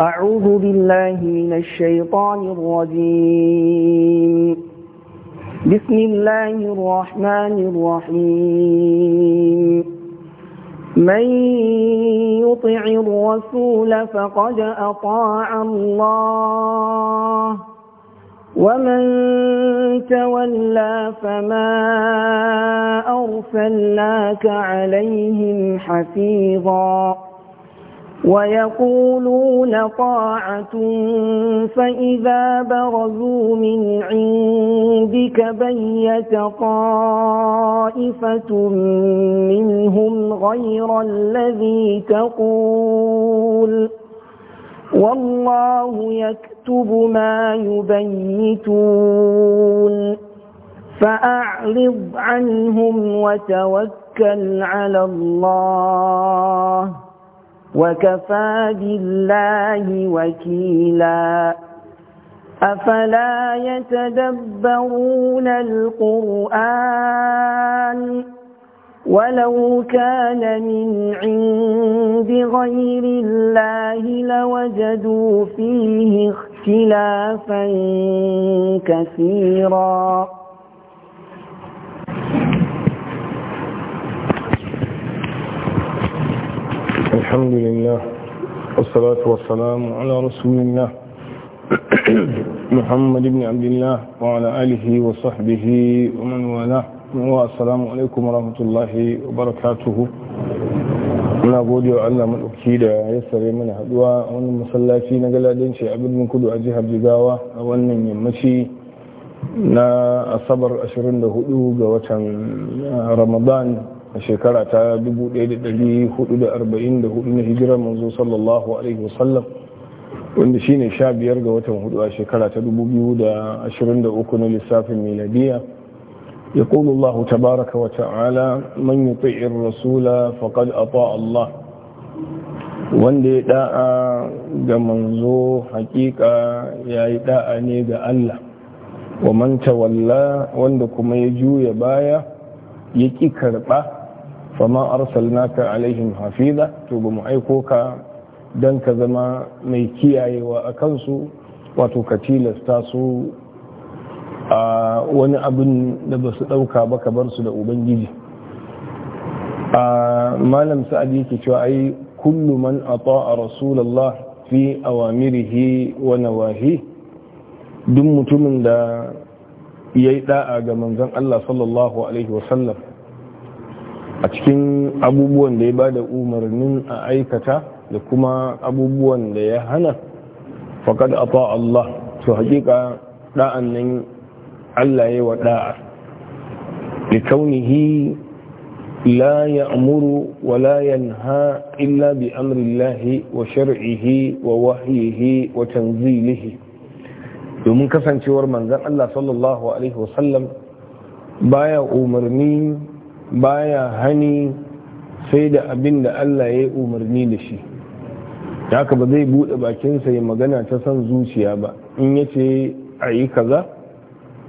أعوذ بالله من الشيطان الرجيم بسم الله الرحمن الرحيم من يطع الرسول فقد أطاع الله ومن تولى فما أرسلناك عليهم حفيظاً ويقولون طاعة فإذا برزوا من عندك بيت طائفة منهم غير الذي تقول والله يكتب ما يبيتون فأعرض عنهم وتوكل على الله وكفى بالله وكيلا أفلا يتدبرون القرآن ولو كان من عند غير الله لوجدوا فيه اختلافا كثيرا الحمد لله والصلاة والسلام على رسول الله محمد بن عبد الله وعلى آله وصحبه ومن والاه والسلام عليكم ورحمة الله وبركاته muna gode Allah maɗauki da ya sare mana haɗuwa a wannan masallaci na galadinci a birnin kudu a jihar jigawa a wannan yammaci na asabar 24 ga watan ramadan a shekara ta 1444 na hijirar manzo sallallahu alaihi wasallam wanda shine sha biyar ga watan hudu a shekara ta 2023 na lissafin miladiya يقول الله تبارك manya من يطيع الرسول فقد أطاع Allah. wanda ya da'a ga manzo hakika ya yi da'a ne ga Allah wa manta walla wanda kuma ya juya baya ya ƙi karɓa fama arsalnaka alaihim hafiza to ba mu aiko ka dan ka zama mai kiyayewa a kansu wato ka tilasta su a wani abin da ba su ɗauka ba ka bar su da ubangiji a malam sa'adi yake cewa ai kullu man ata a rasulallah fi awamirihi wa nawahi duk mutumin da ya yi da'a ga manzon Allah sallallahu a cikin abubuwan da ya ba da umarnin a aikata da kuma abubuwan da ya hana faƙad a Allah su haƙiƙa ɗa'an nan Allah ya wa ɗa'a da kaunihi la ya amuru wa la yanha illa bi amrillahi wa shar'ihi wa wahiyihi wa tanzilihi domin kasancewar manzan Allah sallallahu Alaihi wasallam baya umarni baya hani sai da abin da Allah ya yi umarni da shi haka ba zai buɗe bakinsa ya magana ta son zuciya ba in ya ce a yi kaza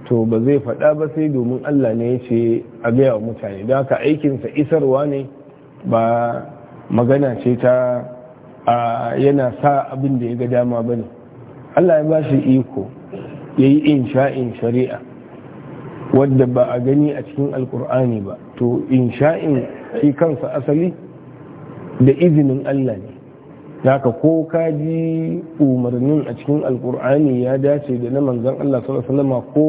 to ba zai faɗa ba sai domin Allah ne ya ce a gaya wa mutane da haka aikinsa isarwa ne ba magana ce ta yana sa abin da ya ga dama ba ne Allah ya ba shi iko ya yi insha'in shari'a wadda ba a gani a cikin alkur'ani ba to in sha'in shi kansa asali da izinin Allah ne haka ko ka ji umarnin a cikin alkur'ani ya dace da na manzan Allah sallallahu alaihi wasallam ko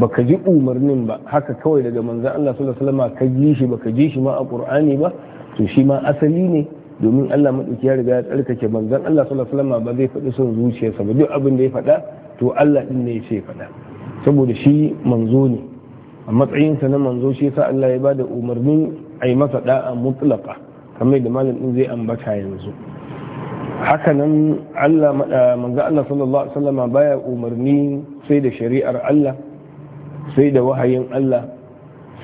baka ji umarnin ba haka kawai daga manzan Allah sallallahu alaihi wasallam ka ji shi baka ji shi ma a qur'ani ba to shi ma asali ne domin Allah madauki ya riga ya tsarkake manzan Allah sallallahu alaihi wasallam ba zai faɗi son zuciyarsa ba duk abin da ya faɗa to Allah din ne ya ce faɗa saboda shi manzo ne a matsayinsa na manzo shi sa Allah ya bada umarni a yi masa da'a mutlaka kamar da malam ɗin zai ambata yanzu haka nan Allah manzo Allah sallallahu alaihi wasallam baya umarni sai da shari'ar Allah sai da wahayin Allah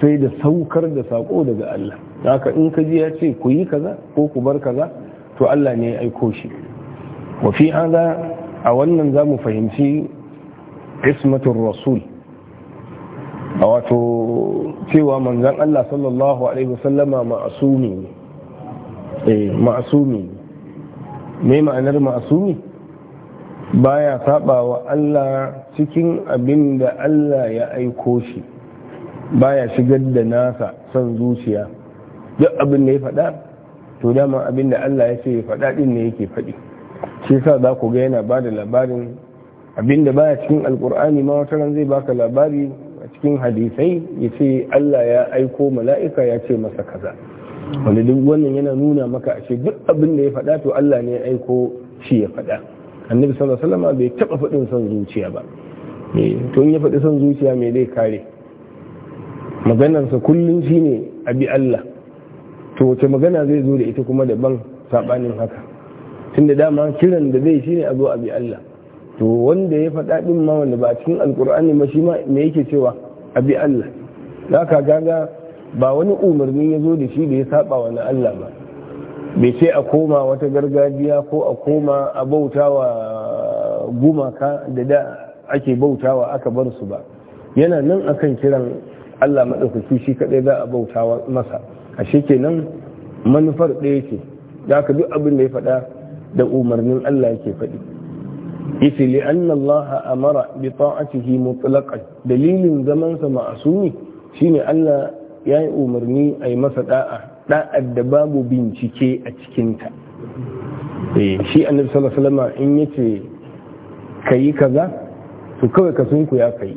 sai da saukar da sako daga Allah haka in ka ji ya ce ku yi kaza ko ku bar kaza to Allah ne ya aiko shi wa fi hada a wannan zamu fahimci qismatur rasul a wato cewa manzan Allah sallallahu alaihi wasallama ma'asumi ne eh, ma'asumi ne ma'anar ma'asumi baya saba wa Allah cikin abin da Allah ya aiko shi baya shigar da nasa son zuciya duk abin da ya faɗa to dama abin da Allah ya ce ya faɗa ɗin ne yake faɗi shi sa za ku ga yana ba da labarin abinda baya cikin alkur'ani ma wata ran zai baka labari a cikin hadisai ya ce Allah ya aiko mala'ika ya ce masa kaza Wani duk wannan yana nuna maka a ce duk abin da ya faɗa to Allah ne ya aiko shi ya faɗa annabi sallallahu alaihi bai taɓa faɗin son zuciya ba eh, to in ya faɗi son zuciya me zai kare maganarsa kullum shi ne abi Allah to wace magana zai zo da ita kuma daban saɓanin haka tunda dama kiran da zai shi ne a zo abi Allah to wanda ya faɗa ɗin ma wanda ba cikin alkur'ani ma shi ma me yake cewa abi Allah za ka gaga ba wani umarni ya zo da shi da ya saba wani Allah ba bai ce a koma wata gargajiya ko a koma a bautawa gumaka da da ake bautawa aka bar su ba yana nan akan kiran Allah maɗaukaki shi kaɗai za a bautawa masa ashe nan manufar ɗaya ce da ka duk abin da ya faɗa da umarnin Allah yake faɗi yace li anna Allah amara bi ta'atihi mutlaqan dalilin zaman sa ma'asumi shine Allah ya yi umarni a yi masa da'a da'ar da babu bincike a cikinta eh shi annabi sallallahu alaihi wasallam in yace kayi kaza to kawai ka sunku ya kai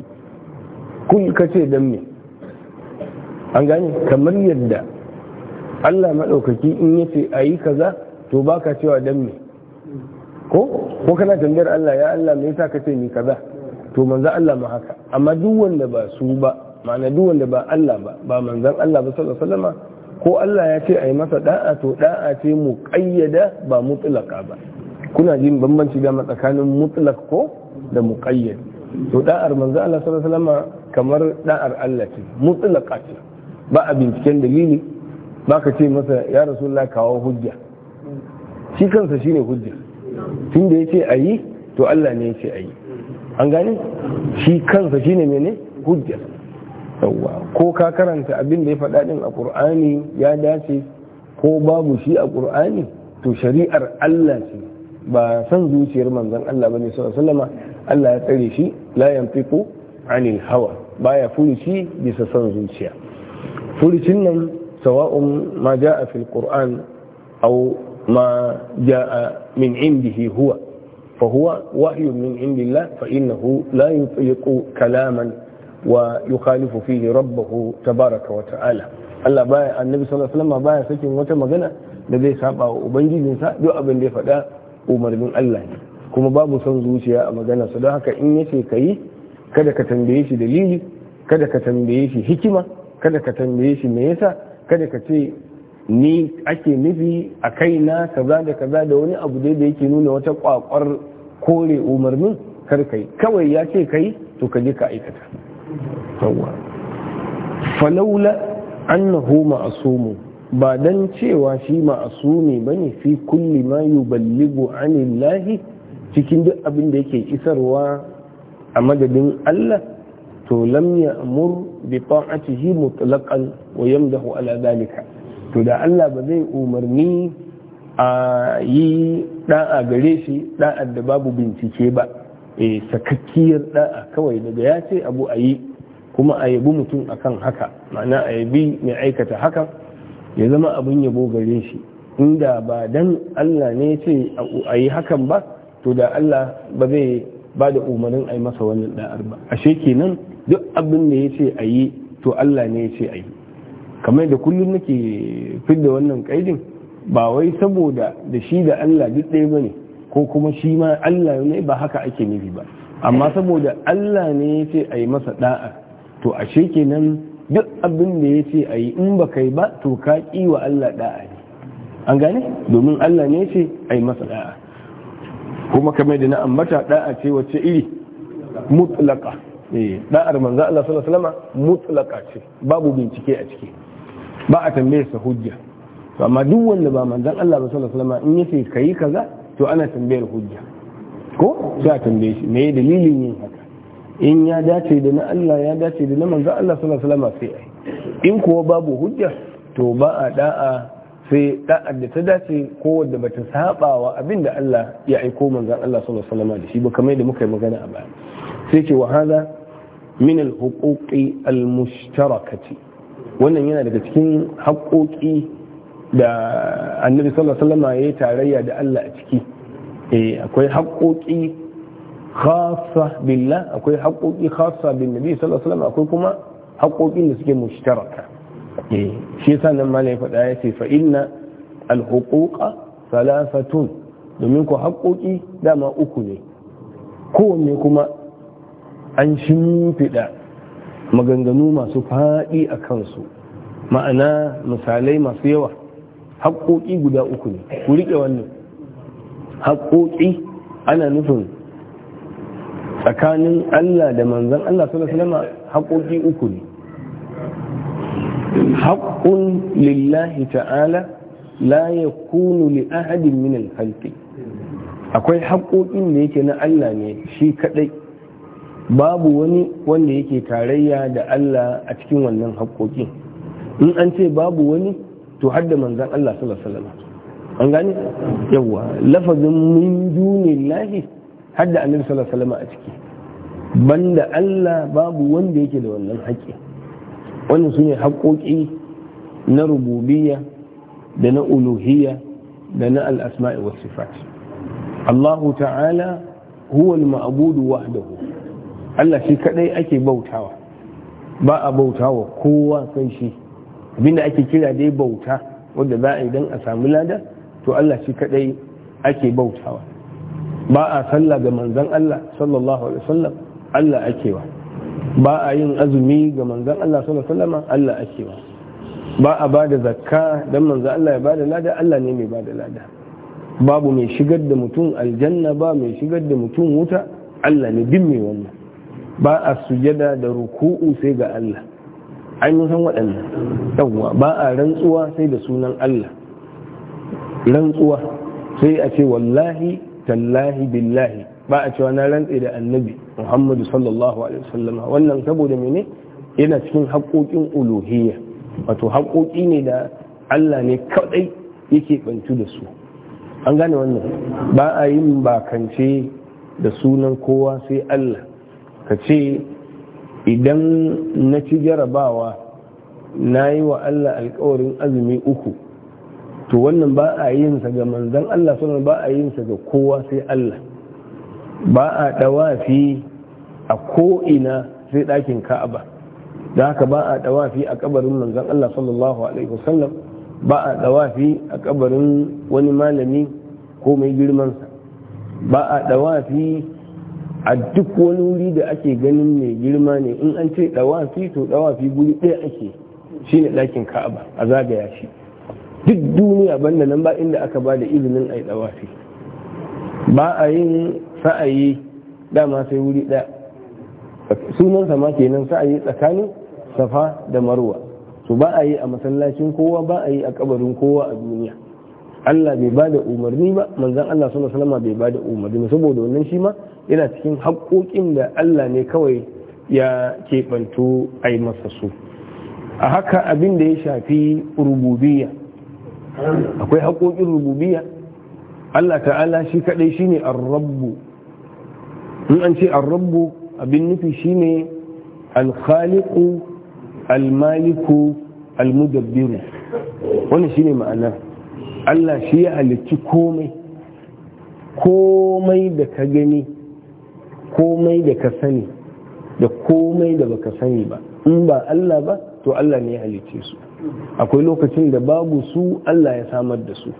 kun ka ce dan me an gane kamar yadda Allah madaukaki in yace ayi kaza to baka cewa dan me ko ko kana tambayar Allah ya Allah me yasa kace ni kaza to manzo Allah ma haka amma duk wanda ba su ba ma'ana duk wanda ba Allah ba ba manzon Allah ba sallallahu alaihi wasallam ko Allah ya ce a masa da'a to da'a ce mu ƙayyada ba mutlaqa ba kuna jin bambanci da tsakanin mutlaq ko da muqayyad to da'ar manzo Allah sallallahu alaihi wasallam kamar da'ar Allah ce mutlaqa ce ba a binciken dalili ba ka ce masa ya rasulullah kawo hujja shi kansa shine hujja tun da ya ce a yi to Allah ne ya ce a yi an gane shi kansa shine mene hujjar yawwa ko ka karanta abin da ya faɗa din a Qur'ani ya dace ko babu shi a Qur'ani to shari'ar Allah ce ba san zuciyar manzon Allah bane sallallahu alaihi Allah ya tsare shi la yanfiqu anil hawa baya furuci bisa san zuciya furucin nan sawa'un ma ja'a fil Qur'an aw ما جاء من عنده هو فهو وحي من عند الله فإنه لا يطلق كلاما ويخالف فيه ربه تبارك وتعالى الله باي النبي صلى الله عليه وسلم باي سكن وتمغنى لذي سابع وبنجي جنسا دو أبن دي فدا أمر من الله kuma babu son zuciya a magana su don haka in yace ka yi kada ka tambaye shi dalili kada ka ni ake nufi a kaina kaza da kaza da wani abu dai da yake nuna wata kwakwar kore umarnin kar kai kawai ya ce kai to ka je ka aikata yawa falaula annahu ma'sumu ba dan cewa shi ma'asumi bane fi kulli ma yuballighu anillahi cikin duk abin da yake isarwa a madadin Allah to lam ya'mur bi ta'atihi mutlaqan wa yamdahu ala dalika to da Allah ba zai umarni a yi da'a gare shi da'a da babu bincike ba e sakakkiyar da'a kawai daga ya ce abu a yi kuma a yabi mutum akan haka ma'ana a yabi mai aikata haka ya zama abin yabo gare shi inda ba dan Allah ne ce a yi hakan ba to da Allah ba zai ba da umarnin a yi masa wannan da'ar ba ashe kenan duk abin da ya ce a yi to Allah ne ya ce a yi kamar da kullum nake fidda wannan kaidin ba wai saboda da shi da Allah duk ɗaya bane ko kuma shi ma Allah ne ba haka ake nufi ba amma saboda Allah ne ya ce a yi masa da'a to ashe kenan duk abin da ya ce a yi in ba kai ba to ka ƙi wa Allah da'a ne an gane domin Allah ne ya ce a yi masa da'a kuma kamar da na ambata da'a ce wacce iri mutlaka da'ar eh, manzo Allah sallallahu alaihi wasallam mutlaka ce babu bincike a ciki ba a tambaye sa hujja to amma duk wanda ba manzon Allah ba sallallahu alaihi wasallam in yace kai kaza to ana tambayar hujja ko sai a tambaye shi me dalilin yin haka in ya dace da na Allah ya dace da na manzon Allah sallallahu alaihi wasallam sai ai in kuwa babu hujja to ba a da'a sai da'a da ta dace ko wanda bata saba wa abin da Allah ya aiko manzon Allah sallallahu alaihi wasallam da shi ba kamar da muka yi magana a baya sai ce wa hadha min al-huquqi al-mushtarakati wannan yana daga cikin haƙoƙi da annabi sallallahu alaihi ya yi tarayya da Allah a ciki eh, akwai haƙoƙi khassa billah akwai haƙoƙi khassa bin nabi sallallahu akwai kuma haƙoƙin da suke mushtaraka eh shi yasa nan malai ya faɗa ya ce fa inna al huquqa domin ko haƙoƙi dama uku ne kowanne kuma an shimfiɗa maganganu masu faɗi a kansu ma'ana misalai masu yawa haƙoƙi guda uku ne ku riƙe wannan haƙoƙi ana nufin tsakanin Allah da manzan Allah salama haƙoƙi uku ne haƙƙun lillahi ta'ala la ya kunu li ahadin min al akwai haƙoƙin da yake na Allah ne shi kaɗai babu wani wanda yake tarayya da Allah a cikin wannan haƙoƙi in an ce babu wani to hadda manzan Allah sallallahu alaihi wasallam an gane yawa lafazin min dunillahi hadda annabi sallallahu alaihi wasallam a ciki banda Allah babu wanda yake da wannan haƙƙi wannan sune haƙoƙi na rububiyya da na uluhiyya da na al-asma'i was sifat Allah ta'ala huwa al-ma'budu wahdahu Allah shi kadai ake bautawa ba a bautawa kowa sai shi abinda ake kira dai bauta wanda za a yi a samu lada to Allah shi kadai ake bautawa ba a sallah ga manzan Allah sallallahu alaihi wasallam Allah ake wa ba a yin azumi ga manzan Allah sallallahu alaihi wasallam Allah ake wa ba a bada zakka don manzon Allah ya ba lada Allah ne mai bada lada babu mai shigar da mutum aljanna ba mai shigar da mutum wuta Allah ne bin mai wannan ba a sujada da ruku'u sai ga Allah an yi san waɗannan yawwa ba a rantsuwa sai da sunan Allah rantsuwa sai a ce wallahi tallahi billahi ba a cewa na rantse da annabi Muhammadu sallallahu alaihi wasallam wannan saboda mene yana cikin haƙoƙin uluhiyya wato haƙoƙi ne da Allah ne kaɗai yake bantu da su an gane wannan ba a yin bakance da sunan kowa sai Allah ka ce idan na ci jarabawa na yi wa Allah alkawarin azumi uku to wannan ba a yin sa ga manzan Allah sunan ba a yin sa ga kowa sai Allah ba a dawafi a ko'ina sai ɗakin ka'aba da haka ba a dawafi a kabarin manzan Allah sallallahu alaihi wasallam ba a dawafi a kabarin wani malami ko mai girmansa ba a dawafi a duk wani wuri da ake ganin mai girma ne in an ce dawafi to dawafi guri ɗaya ake shi ne ɗakin ka'aba a zagaya shi duk duniya banda nan ba inda aka ba da izinin a yi dawafi ba a yin sa'ayi dama sai wuri ɗaya sunansa ma kenan sa'ayi tsakanin safa da marwa to ba a yi a masallacin kowa ba a yi a kabarin kowa a duniya Allah bai ba da umarni ba manzan Allah sallallahu alaihi wasallam bai ba da umarni saboda wannan shi ma yana cikin haƙoƙin da Allah ne kawai ya keɓanto a yi masa su a haka abin da ya shafi rububiya, akwai haƙoƙin rububiya? Allah ta'ala shi kaɗai shine ar-rabbu in an ce ar-rabbu abin nufi shine al-khaliqu al-maliku al-mudabbiru wannan shine ma'anar. Allah shi ya halicci komai komai da ka gani komai da ka sani da komai da baka sani ba in ba Allah ba to Allah ne ya halicce su akwai lokacin da babu su Allah ya samar da su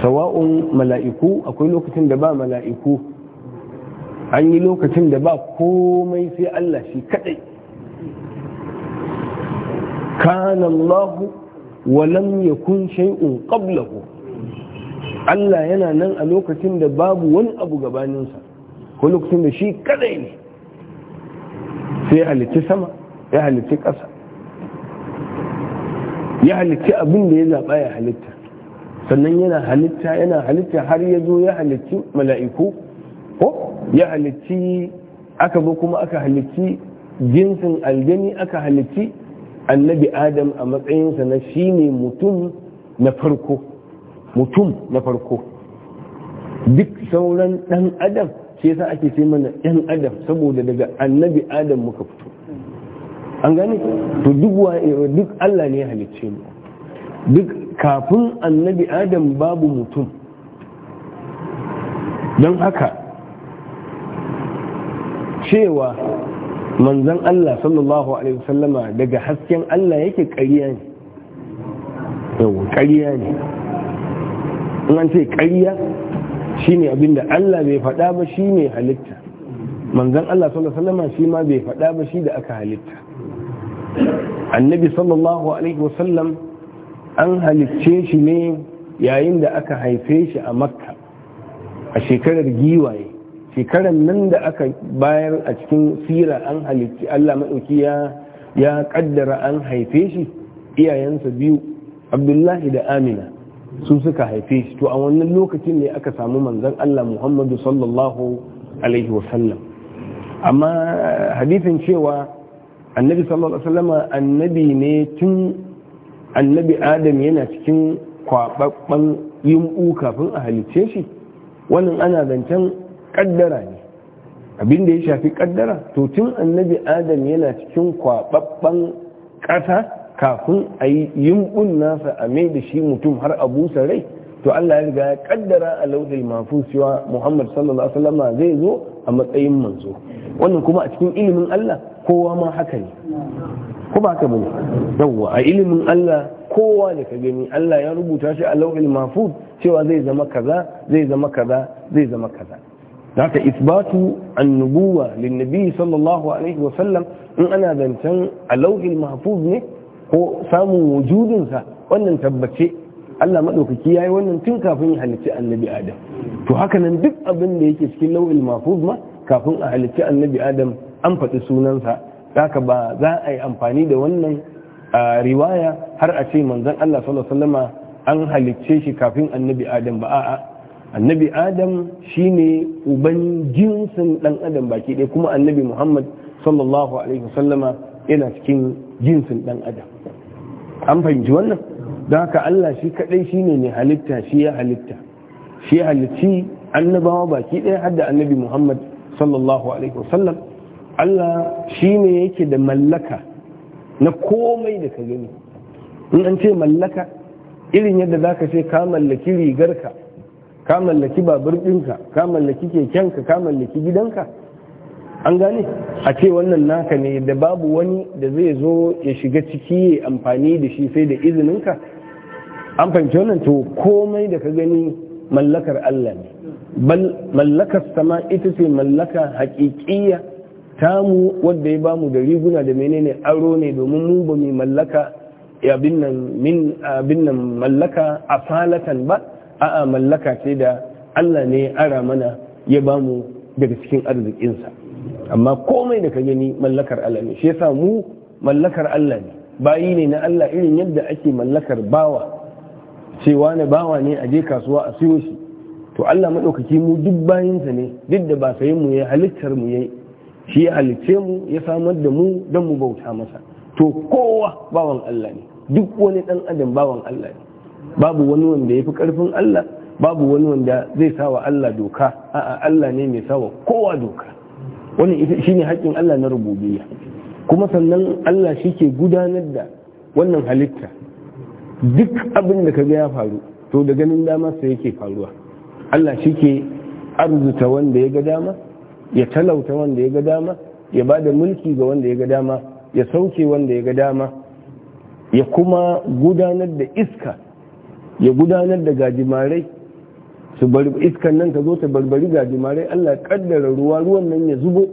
sawa'un mala'iku akwai lokacin da ba mala'iku an yi lokacin da ba komai sai Allah shi kadai kanallahu walam yakun shay'un qablahu Allah yana nan a lokacin da babu wani abu gabaninsa ko lokacin da shi kadai ne sai halitti sama ya halitti ƙasa ya halitti abin da ya zaɓa ya halitta sannan yana halitta yana halitta har ya zo ya halitti mala'iku ko ya halitti aka ba kuma aka halitti jinsin aljani aka halitti annabi adam a matsayinsa na shine mutum na farko mutum na farko duk sauran dan adam shi yasa ake sai mana yan adam saboda daga annabi adam muka fito an gane to duk duk Allah ne ya halicce mu duk kafin annabi adam babu mutum don haka cewa manzan Allah sallallahu alaihi wasallama daga hasken Allah yake ƙarya ne Yau ƙarya ne in an ce shi ne abinda Allah bai faɗa ba shi ne halitta manzan Allah sallallahu alaihi wasallama shi ma bai faɗa ba shi da aka halitta annabi sallallahu alaihi wasallam an halicce shi ne yayin da aka haife shi a makka a shekarar giwaye shekaran nan da aka bayar a cikin sira an halitti Allah maɗauki ya ƙaddara an haife shi iyayensa biyu abdullahi da amina su suka haife shi to a wannan lokacin ne aka samu manzon Allah Muhammadu sallallahu alaihi wasallam amma hadithin cewa annabi sallallahu alaihi wasallama annabi ne tun annabi adam yana cikin kwababban yin kafin a halicce shi wannan ana zancen kaddara ne abin da ya shafi kaddara to tun annabi adam yana cikin kwababban ƙasa kafin a yi yimbun nasa a mai da shi mutum har a busa rai to Allah ya riga ya kaddara a lauhil mahfuz cewa Muhammad sallallahu alaihi wasallam zai zo a matsayin manzo wannan kuma a cikin ilimin Allah kowa ma haka ne ko ba ka bane yawa a ilimin Allah kowa da ka gani Allah ya rubuta shi a lauhil mahfuz cewa zai zama kaza zai zama kaza zai zama kaza ذاك isbatu annubuwa للنبي صلى الله عليه وسلم إن أنا ذنسان اللوح ko samun هو سامو wannan tabbace Allah maɗaukaki ya yi wannan tun kafin ya halicci annabi Adam. To haka nan duk abin da yake cikin lauhin mafuz ma kafin a halicci annabi Adam an faɗi sunansa, haka ba za a yi amfani da wannan riwaya har a ce manzon Allah sallallahu alaihi an halicce shi kafin annabi Adam ba a'a annabi adam shine uban jinsin dan adam baki ɗaya kuma annabi muhammad sallallahu alaihi wasallama yana cikin jinsin dan adam an fahimci wannan don haka allah shi kadai shine ne halitta shi ya halitta shi ya halitta annabawa baki ɗaya har da annabi muhammad sallallahu alaihi wasallam allah shine yake da mallaka na komai da ka gani in an ce mallaka irin yadda zaka ka ce ka mallaki rigarka ka mallaki babur ɗinka ka mallaki kekenka ka mallaki gidanka an gane a ce wannan naka ne da babu wani da zai zo ya shiga ciki ya amfani da shi sai da izininka an fahimci wannan to komai da ka gani mallakar Allah ne bal mallakar sama ita ce mallaka haƙiƙiya tamu wanda ya bamu da riguna da menene aro ne domin mu ba mu mallaka abin nan min abin nan mallaka falatan ba a'a mallaka ce da Allah ne ara mana ya bamu daga cikin arzikinsa amma komai da ka gani mallakar Allah ne shi yasa mu mallakar Allah ne bayi ne na Allah irin yadda ake mallakar bawa cewa na bawa ne a je kasuwa a siyo shi to Allah madaukaki mu duk bayinsa ne duk da ba sayin mu ya halittar mu yayi shi ya halicce mu ya samar da mu don mu bauta masa to kowa bawan Allah ne duk wani ɗan adam bawan Allah ne babu wani wanda ya fi ƙarfin Allah babu wani wanda zai sawa Allah doka a'a Allah ne mai sawa kowa doka wani ita shine haƙƙin Allah na rububiyya kuma sannan Allah shi ke gudanar da wannan halitta duk abin da kaga ya faru to da ganin dama sa yake faruwa Allah shi ke arzuta wanda ya ga dama ya talauta wanda ya ga dama ya ba da mulki ga wanda ya ga dama ya sauke wanda ya ga dama ya kuma gudanar da iska ya gudanar da gajimarai su bari iskan nan ta zo ta barbari gajimarai Allah kaddara ruwa ruwan nan ya zubo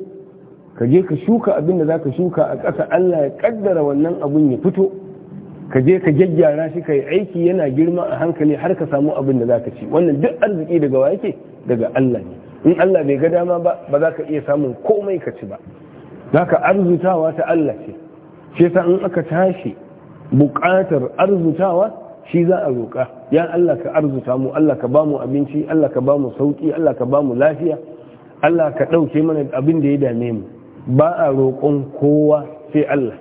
ka je ka shuka abin da zaka shuka a ƙasa Allah ya kaddara wannan abin ya fito ka je ka gyaggyara shi ka yi aiki yana girma a hankali har ka samu abin da zaka ci wannan duk arziki daga wa yake daga Allah ne in Allah bai ga dama ba ba za ka iya samun komai ka ci ba za ka arzutawa ta Allah ce shi yasa in aka tashi buƙatar arzutawa shi za a roƙa ya Allah ka arzuta mu Allah ka ba mu abinci Allah ka ba mu sauƙi Allah ka ba mu lafiya Allah ka ɗauke mana abin da ya dame mu ba a roƙon kowa sai Allah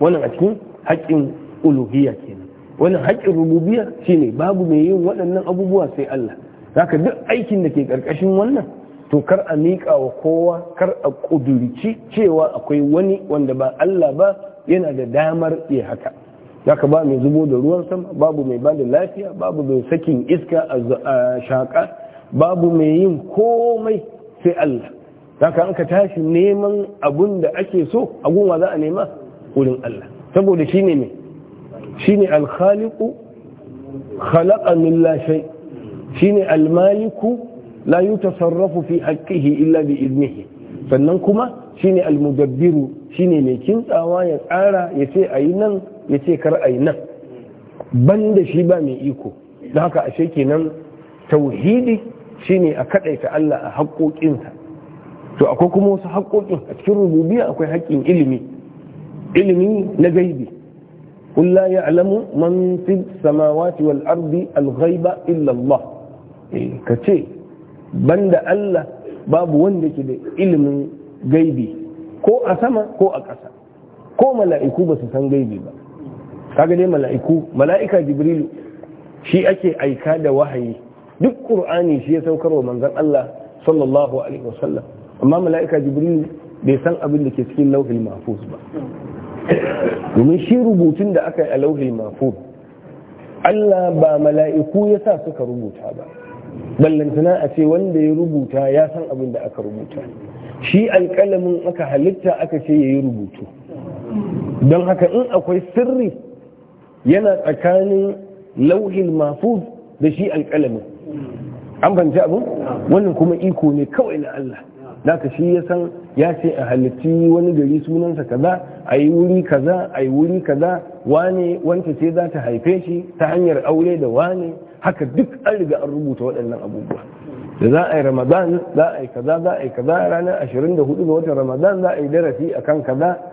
wannan a cikin haƙƙin uluhiyya kenan wannan haƙƙin rububiyya shine babu mai yin waɗannan abubuwa sai Allah zaka duk aikin da ke ƙarƙashin wannan to kar a miƙa wa kowa kar a ƙudurci cewa akwai wani wanda ba Allah ba yana da damar iya haka zaka ba mai zubo da ruwan sama babu mai da lafiya babu mai sakin iska a shaƙa babu mai yin komai sai Allah zaka an ka tashi neman abun da ake so a gunwa za a nema wurin Allah saboda shine mai shine ne alkhaliku khalaqa min la shay shine al-maliku la yutasarrafu fi haqqihi illa bi idnihi sannan kuma shine almudabbiru shi shine mai kintsawa ya tsara ya ce ayi nan ya ce kar a yi nan ban da shi ba mai iko da haka ashe kenan tauhidi shine a kaɗaita Allah a haƙoƙinsa to akwai kuma wasu haƙƙoƙin, a cikin rububiya akwai haƙƙin ilimi ilimi na gaibi kullum alamu man fi samawati wal ardi al ghaiba illa Allah eh, ka ce banda Allah babu wanda ke da ilimin gaibi ko a sama ko a ƙasa ko mala'iku ba su san gaibi ba kaga dai mala'iku mala'ika jibrilu shi ake aika da wahayi duk qur'ani shi ya saukar wa manzon Allah sallallahu alaihi wasallam amma mala'ika jibrilu bai san abin da ke cikin lauhil mahfuz ba domin shi rubutun da aka yi a lauhil mahfuz Allah ba mala'iku ya sa suka rubuta ba ballantana a ce wanda ya rubuta ya san abin da aka rubuta shi alƙalamin aka halitta aka ce ya yi rubutu don haka in akwai sirri yana tsakanin lauhin mafuz da shi alƙalamin an banci abu wannan kuma iko ne kawai na Allah ka shi ya san ya ce a halitti wani gari sunansa kaza a yi wuri kaza a yi wuri kaza wane wanta ce za ta haife shi ta hanyar aure da wane haka duk an riga an rubuta waɗannan abubuwa da za a yi ramadan za a yi kaza za a yi kaza ranar 24 ga watan ramadan za a yi darasi akan kaza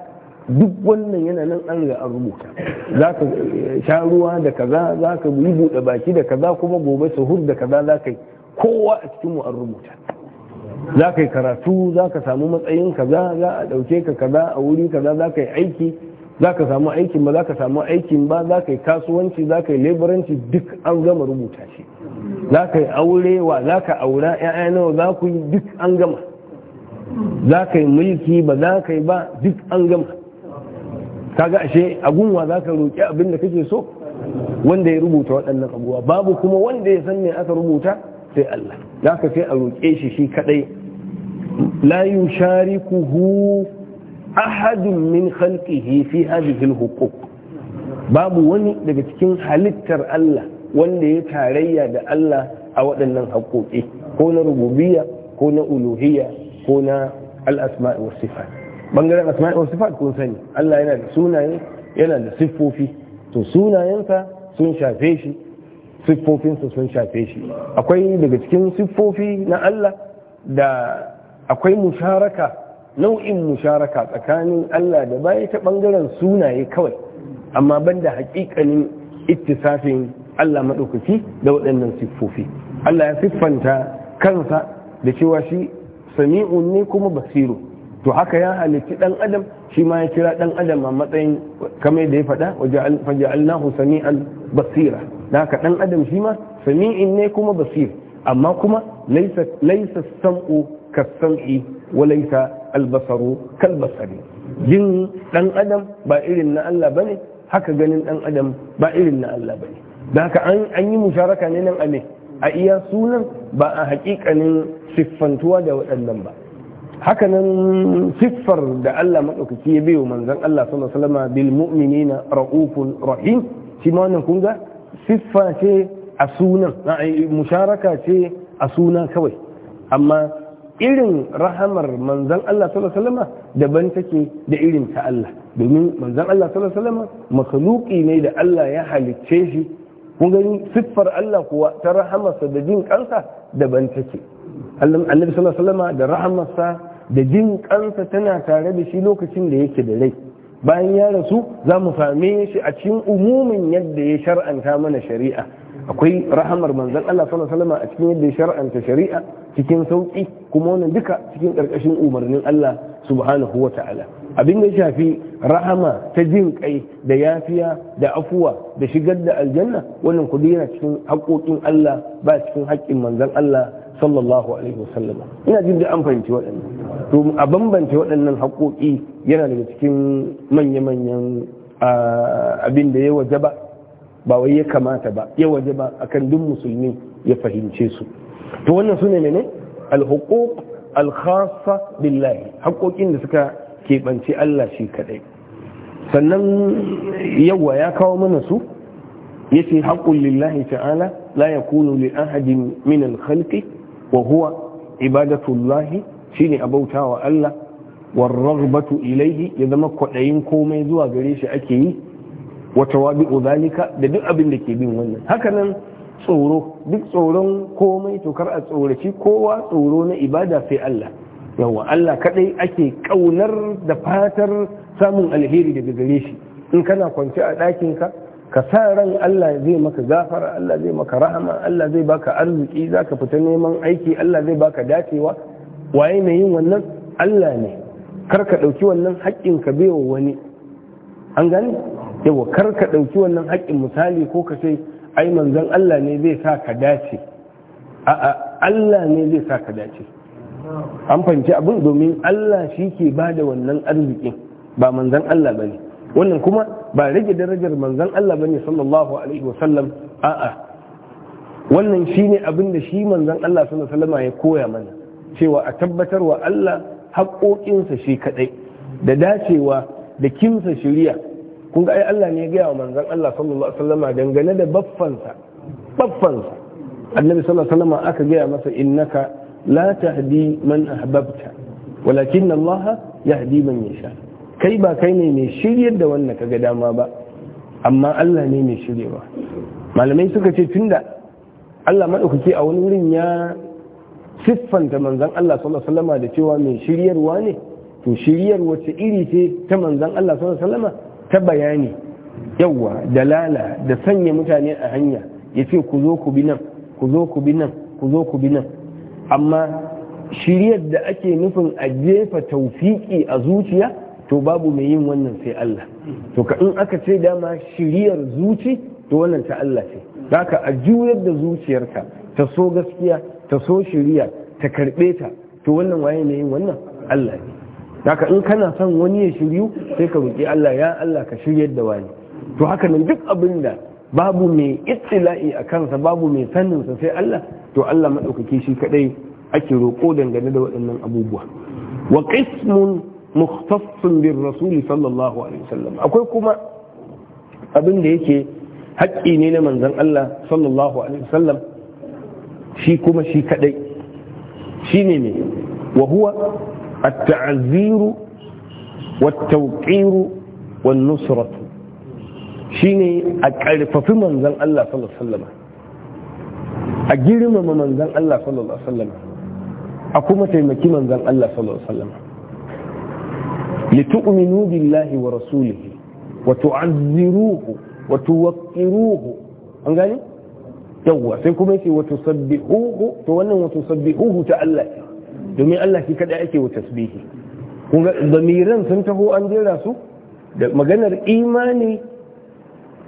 duk wannan yana nan an riga an rubuta za ka eh, sha ruwa da kaza za ka yi buɗe baki da kaza kuma gobe suhur da kaza za ka yi kowa a cikin mu an rubuta za ka yi karatu za ka samu matsayin kaza za a ɗauke ka kaza a wuri kaza za ka yi aiki za ka samu aikin ba za ka samu aikin ba za ka yi kasuwanci za ka yi leburanci duk an gama rubuta shi za ka yi aure wa za ka aura ya'ya nawa za ku yi duk an gama za ka yi mulki ba za ka yi ba duk an gama kaga ashe a gunwa za ka roƙi abin da kake so wanda ya rubuta waɗannan abubuwa babu kuma wanda ya san me aka rubuta sai Allah za ka sai a roƙe shi shi kaɗai la yusharikuhu ahadun min khalqihi fi hadhihi al babu wani daga cikin halittar Allah wanda ya tarayya da Allah a waɗannan haƙoƙi ko na rububiyya ko na uluhiyya ko na al-asma'i was sifat bangaren asma'i asma'il sifat kun sani Allah yana da sunaye yana da siffofi to sunayensa sun shafe shi siffofinsa sun shafe shi akwai daga cikin siffofi na Allah da akwai musharaka nau'in musharaka tsakanin Allah da baya ta bangaren sunaye kawai amma banda hakikanin ittisafin Allah maɗaukaki da waɗannan siffofi Allah ya siffanta kansa da cewa shi sami'un ne kuma basiru to haka ya halitti dan adam shi ma ya kira dan adam a matsayin kamar da ya faɗa faja'alnahu sami'an basira da haka dan adam shi ma sami'in ne kuma basir amma kuma laisa laisa sam'u ka sami wa laisa al-basaru kal-basari jin dan adam ba irin na Allah bane haka ganin dan adam ba irin na Allah bane da haka an yi musharaka ne nan a ne a iya sunan ba a hakikanin siffantuwa da waɗannan ba hakanan siffar da Allah maɗaukaki ya biyo manzan Allah sallallahu alaihi wasallam bil mu'minina ra'ufun rahim shi ma wannan kun ga siffa ce a sunan musharaka ce a suna kawai amma irin rahamar manzan Allah sallallahu daban take da irin ta Allah domin manzan Allah sallallahu alaihi ne da Allah ya halicce shi kun gani siffar Allah kuwa ta rahamarsa da jin kansa daban take annabi sallallahu alaihi da rahamarsa da jin kansa tana tare da shi lokacin da yake da rai bayan ya rasu za mu same shi a cikin umumin yadda ya shar'anta mana shari'a akwai rahamar manzan Allah sallallahu alaihi wasallam a cikin yadda ya shar'anta shari'a cikin sauki kuma wannan duka cikin karkashin umarnin Allah subhanahu wata'ala abin da shafi rahama ta jin kai da yafiya da afuwa da shigar da aljanna wannan kudi yana cikin haƙoƙin Allah ba cikin haƙƙin manzan Allah sallallahu alaihi wasallam ina jin da an fahimci waɗannan to a bambance waɗannan haƙoƙi yana daga cikin manya-manyan ah, abin da ya wajaba ba wai ya kamata ba ya waje ba akan duk musulmi ya fahimce su to wannan su ne ne huquq al billahi haƙoƙin da suka keɓance Allah shi kadai sannan yawa ya kawo mana su yace haqqul lillahi ta'ala la yakunu li ahadin min al-khalqi wa huwa ibadatullahi shine abautawa Allah war raghbatu ilayhi ya zama kwaɗayin komai zuwa gare shi ake yi wata wabi zanika da duk abin da ke bin wannan hakanan tsoro duk tsoron komai to kar a tsoraci kowa tsoro na ibada sai Allah yawa Allah kadai ake kaunar da fatar samun alheri daga gare shi in kana kwance a ɗakin ka ka sa ran Allah zai maka gafara Allah zai maka rahama Allah zai baka arziki zaka fita neman aiki Allah zai baka dacewa waye mai yin wannan Allah ne kar ka ɗauki wannan haƙƙin ka bai wa wani an gani yawa kar ka ɗauki wannan haƙƙin misali ko ka ce ai manzon Allah ne zai sa ka dace a'a Allah ne zai sa ka dace an fahimci abin domin Allah shi ke ba da wannan arzikin ba manzon Allah ba ne wannan kuma ba rage darajar manzon Allah ba ne sallallahu alaihi wa sallam. a'a wannan shi ne abin da shi manzon Allah sallallahu alaihi ya koya mana cewa a tabbatarwa Allah haƙoƙinsa shi kaɗai da dacewa da kimsa shirya kun ga ai Allah ne ya gaya wa manzon Allah sallallahu alaihi wasallam dangane da baffansa baffansa annabi sallallahu alaihi wasallam aka gaya masa innaka la tahdi man ahbabta walakin Allah yahdi man yasha kai ba kai ne mai shiryar da wannan kaga dama ba amma Allah ne mai shiryewa malamai suka ce tunda Allah madaukaki a wani wurin ya siffanta manzon Allah sallallahu alaihi wasallam da cewa mai shiryarwa ne to shiryar wace iri ce ta manzon Allah sallallahu alaihi wasallam ta bayani yawa dalala da sanya mutane a hanya ya ce ku zo ku bi nan ku zo ku bi nan ku zo ku bi nan amma shiryar da ake nufin a jefa taufiki a zuciya to babu mai yin wannan sai Allah to ka in aka ce dama shiryar zuci to wannan ta Allah ce zaka a juyar da zuciyarka ta so gaskiya ta so shiriya ta karbe ta to wannan waye mai yin wannan Allah ne haka in kana son wani ya shiryu sai ka roƙi Allah ya Allah ka shiryar da wani to haka nan duk abin da babu mai ittila'i a kansa babu mai sanin sa sai Allah to Allah madaukake shi kadai ake roƙo dangane da waɗannan abubuwa wa qismun mukhtassun bir rasul sallallahu alaihi wasallam akwai kuma abin da yake haƙƙi ne na manzon Allah sallallahu alaihi wasallam shi kuma shi kadai shine ne wa huwa A taziru wat-tawqiru wan-nusratu shine a karfafi manzon Allah sallallahu alaihi a girmama manzon Allah sallallahu alaihi wasallam a kuma taimaki manzon Allah sallallahu alaihi لتؤمنوا بالله ورسوله وتعذروه وتوقروه an gane yawwa sai kuma yace wa tusabbihuhu wannan ta Allah domin Allah shi kada ake wa tasbihi kuma zamiran sun taho an jera su da maganar imani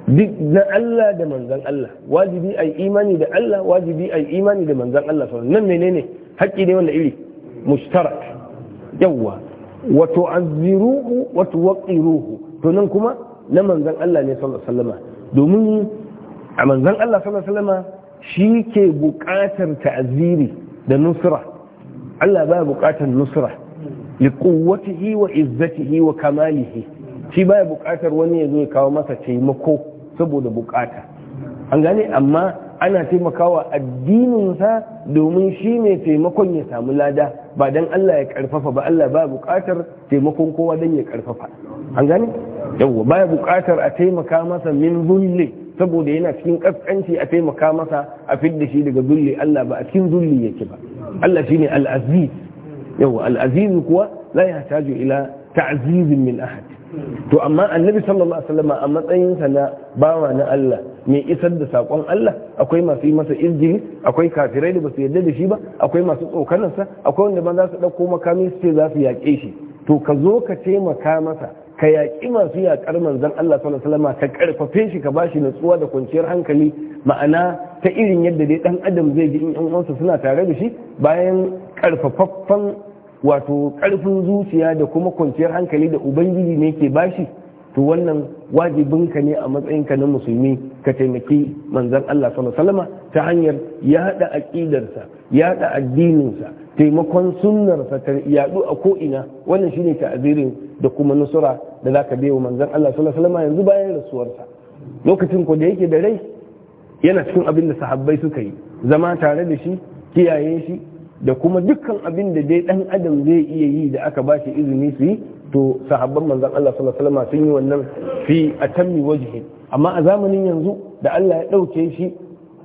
duk na Allah da manzan Allah wajibi ai imani da Allah wajibi ai imani da manzan Allah sallallahu nan menene haƙƙi ne wanda iri mushtarak yawwa wa tu'azziruhu wato tuwaqqiruhu to nan kuma na manzan Allah ne sallallahu alaihi wasallam domin a manzan Allah sallallahu alaihi wasallam shi ke buƙatar ta'aziri da nusra Allah baya bukatar nusra li quwwatihi wa izzatihi wa kamalihi shi baya bukatar wani ya zo ya kawo masa taimako saboda bukata an gane amma ana taimakawa addininsa domin shi ne taimakon ya samu lada ba dan Allah ya karfafa ba Allah baya bukatar taimakon kowa dan ya karfafa an gane yawwa baya buƙatar a taimaka masa min zulli saboda yana cikin kaskanci a taimaka masa a fidda shi daga zulli Allah ba a cikin zulli yake ba Allah shine ne al'aziz yawa al kuwa la yahtaju ila ta'azizin min ahad to amma annabi sallallahu alaihi wasallam a matsayinsa na bawa na Allah mai isar da sakon Allah akwai masu yi masa izini akwai kafirai da basu yarda da shi ba akwai masu tsokanarsa akwai wanda ba za su dauko makami su ce za su yaƙe shi to ka zo ka taimaka masa ka yaƙi masu yaƙar manzon Allah sallallahu ka ƙarfafe shi ka bashi natsuwa da kwanciyar hankali ma'ana ta irin yadda dai ɗan adam zai ji in uwansa suna tare da shi bayan ƙarfafaffen wato ƙarfin zuciya da kuma kwanciyar hankali da ubangiji ne ke bashi to wannan wajibinka ne a matsayinka na musulmi ka taimaki manzan Allah sallallahu ta hanyar yada aqidarsa yada addininsa taimakon sunnarsa ta yadu a ko'ina. ina wannan shine ta'azirin da kuma nusura da zaka bai wa manzon Allah sallallahu yanzu bayan rasuwarsa lokacin ko da yake da rai yana cikin abin da sahabbai suka yi zama tare da shi kiyaye shi da kuma dukkan abin da dai ɗan adam zai iya yi da aka ba shi izini su yi to sahabban manzon Allah sallallahu alaihi wasallam sun yi wannan fi atammi wajhi amma a zamanin yanzu da Allah ya dauke shi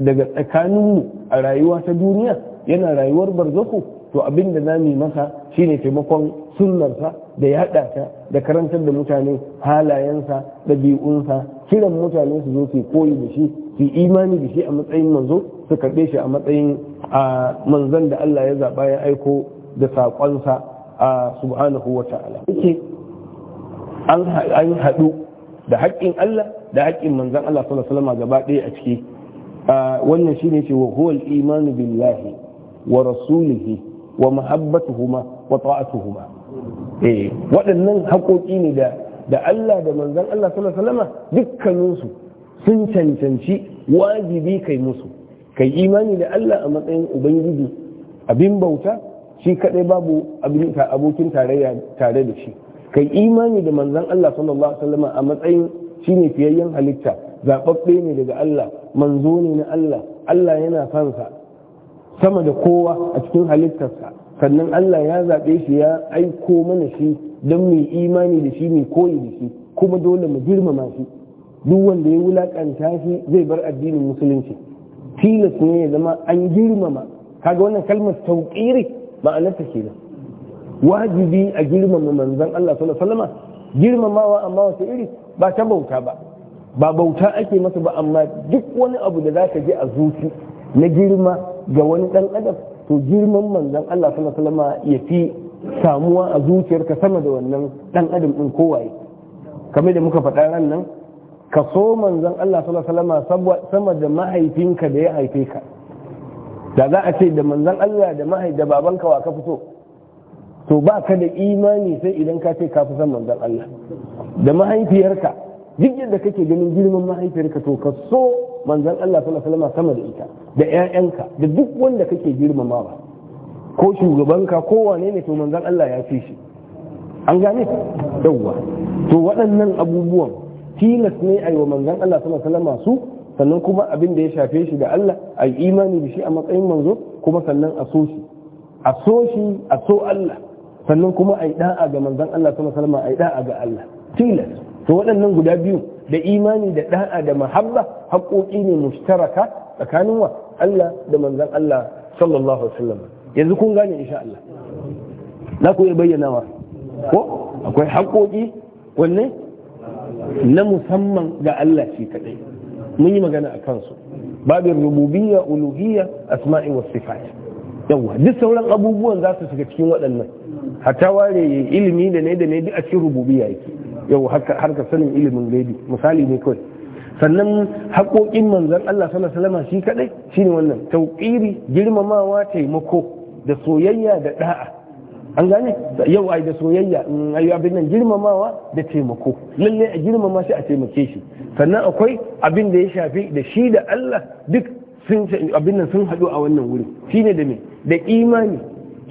daga tsakanin mu a rayuwa ta duniya yana rayuwar barzako to abin da zamu masa shine taimakon sunnarsa da yada ta da karantar da mutane halayensa ɗabi'unsa kiran mutane su zo su koyi da shi su imani da shi a matsayin manzo su karɓe shi a matsayin a manzon da Allah ya zaɓa ya aiko da saƙonsa a subhanahu wa ta'ala yake an haɗu da haƙƙin Allah da haƙƙin manzan Allah sallallahu alaihi gaba ɗaya a ciki wannan shine ce wa huwal imanu billahi wa rasulihi wa wa ta'atuhuma eh waɗannan haƙoƙi ne da da Allah da manzan Allah sallallahu alaihi sun cancanci wajibi kai musu kai imani da Allah a matsayin ubangiji abin bauta shi kadai babu abokin tarayya tare da shi kai imani da manzan Allah sallallahu alaihi wasallam a matsayin shine fiyayyen halitta zababbe ne daga Allah manzo ne na Allah Allah yana fansa sama da kowa a cikin halittarsa sannan Allah ya zaɓe shi ya aiko mana shi don mu imani da shi mu koyi da shi kuma dole mu girmama shi duk wanda ya wulakanta shi zai bar addinin musulunci tilas ne ya zama an girmama kaga wannan kalmar tauqiri ma'anarta kenan wajibi a girmama manzan Allah sallallahu girmamawa amma wata iri ba ta bauta ba ba bauta ake masa ba amma duk wani abu da zaka ji a zuci na girma ga wani dan adam to girman manzan Allah sallallahu ya fi samuwa a zuciyarka sama da wannan dan adam din kowaye kamar da muka faɗa ran nan ka so manzon Allah sallallahu sama da mahaifinka da ya haife ka da za a ce da manzan Allah da mahai da babanka wa ka fito to ba ka da imani sai idan ka ce ka fi san manzan Allah da mahaifiyarka duk yadda kake ganin girman mahaifiyarka to ka so manzan Allah sallallahu alaihi wasallam sama da ita da ƴaƴanka da duk wanda kake girmamawa ko shugabanka ko wane ne to manzan Allah ya fi shi an gane yawwa to waɗannan abubuwan tilas ne a yi wa manzan Allah sallallahu alaihi wasallam su sannan kuma abin da ya shafe shi da Allah a imani da shi a matsayin manzo kuma sannan a so shi a so shi a so Allah sannan kuma a yi da'a ga manzon Allah sallallahu alaihi a yi da'a ga Allah tilas to waɗannan guda biyu da imani da da'a da mahabba haƙoƙi ne mushtaraka tsakanin wa Allah da manzon Allah sallallahu alaihi wasallam yanzu kun gane insha Allah na ku iya bayyanawa ko akwai haƙoƙi wanne na musamman ga Allah shi kaɗai mun yi magana a kansu babin rububiyya uluhiyya asma'i was sifat yawa duk sauran abubuwan za su shiga cikin waɗannan hatta ware ilimi da ne da ne duk a cikin rububiyya yake yau harka sanin ilimin gaibi misali ne kawai sannan haƙoƙin manzon Allah sallallahu alaihi shi kadai shine wannan tauƙiri girmamawa taimako da soyayya da da'a an gane yau ai da soyayya ayi abin nan girmamawa da taimako lalle a girmama shi a taimake shi sannan akwai abin da ya shafi da shi da Allah duk sun abin nan sun hadu a wannan wurin shine da me da imani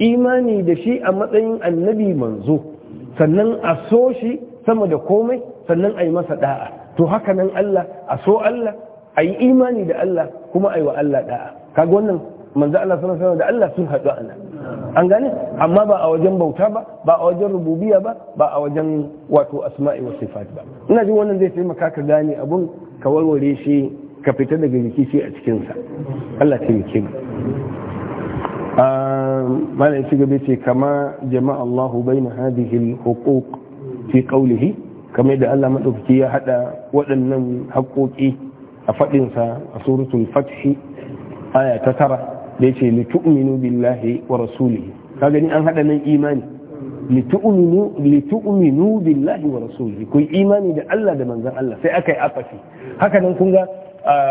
imani da shi a matsayin annabi manzo sannan a so shi sama da komai sannan a yi masa da'a to haka nan Allah a so Allah a yi imani da Allah kuma a yi wa Allah da'a kaga wannan manzo Allah sallallahu alaihi da Allah sun hadu a nan an gane amma ba a wajen bauta ba ba a wajen rububiya ba ba a wajen wato asma'i wa sifat ba ina jin wannan zai taimaka ka gane abun ka warware shi ka fita daga jiki shi a cikin sa Allah ta yake mu mala yace gabe ce kama jama'a Allahu bayna hadhihi al-huquq fi qawlihi Kama da Allah madaukaki ya hada waɗannan haƙoƙi a faɗinsa a suratul fath aya ta tara da ce li tu'minu billahi wa rasulihi ka gani an hada nan imani li tu'minu li billahi wa rasulihi ku imani da Allah da manzon Allah sai aka yi afafi haka nan kun ga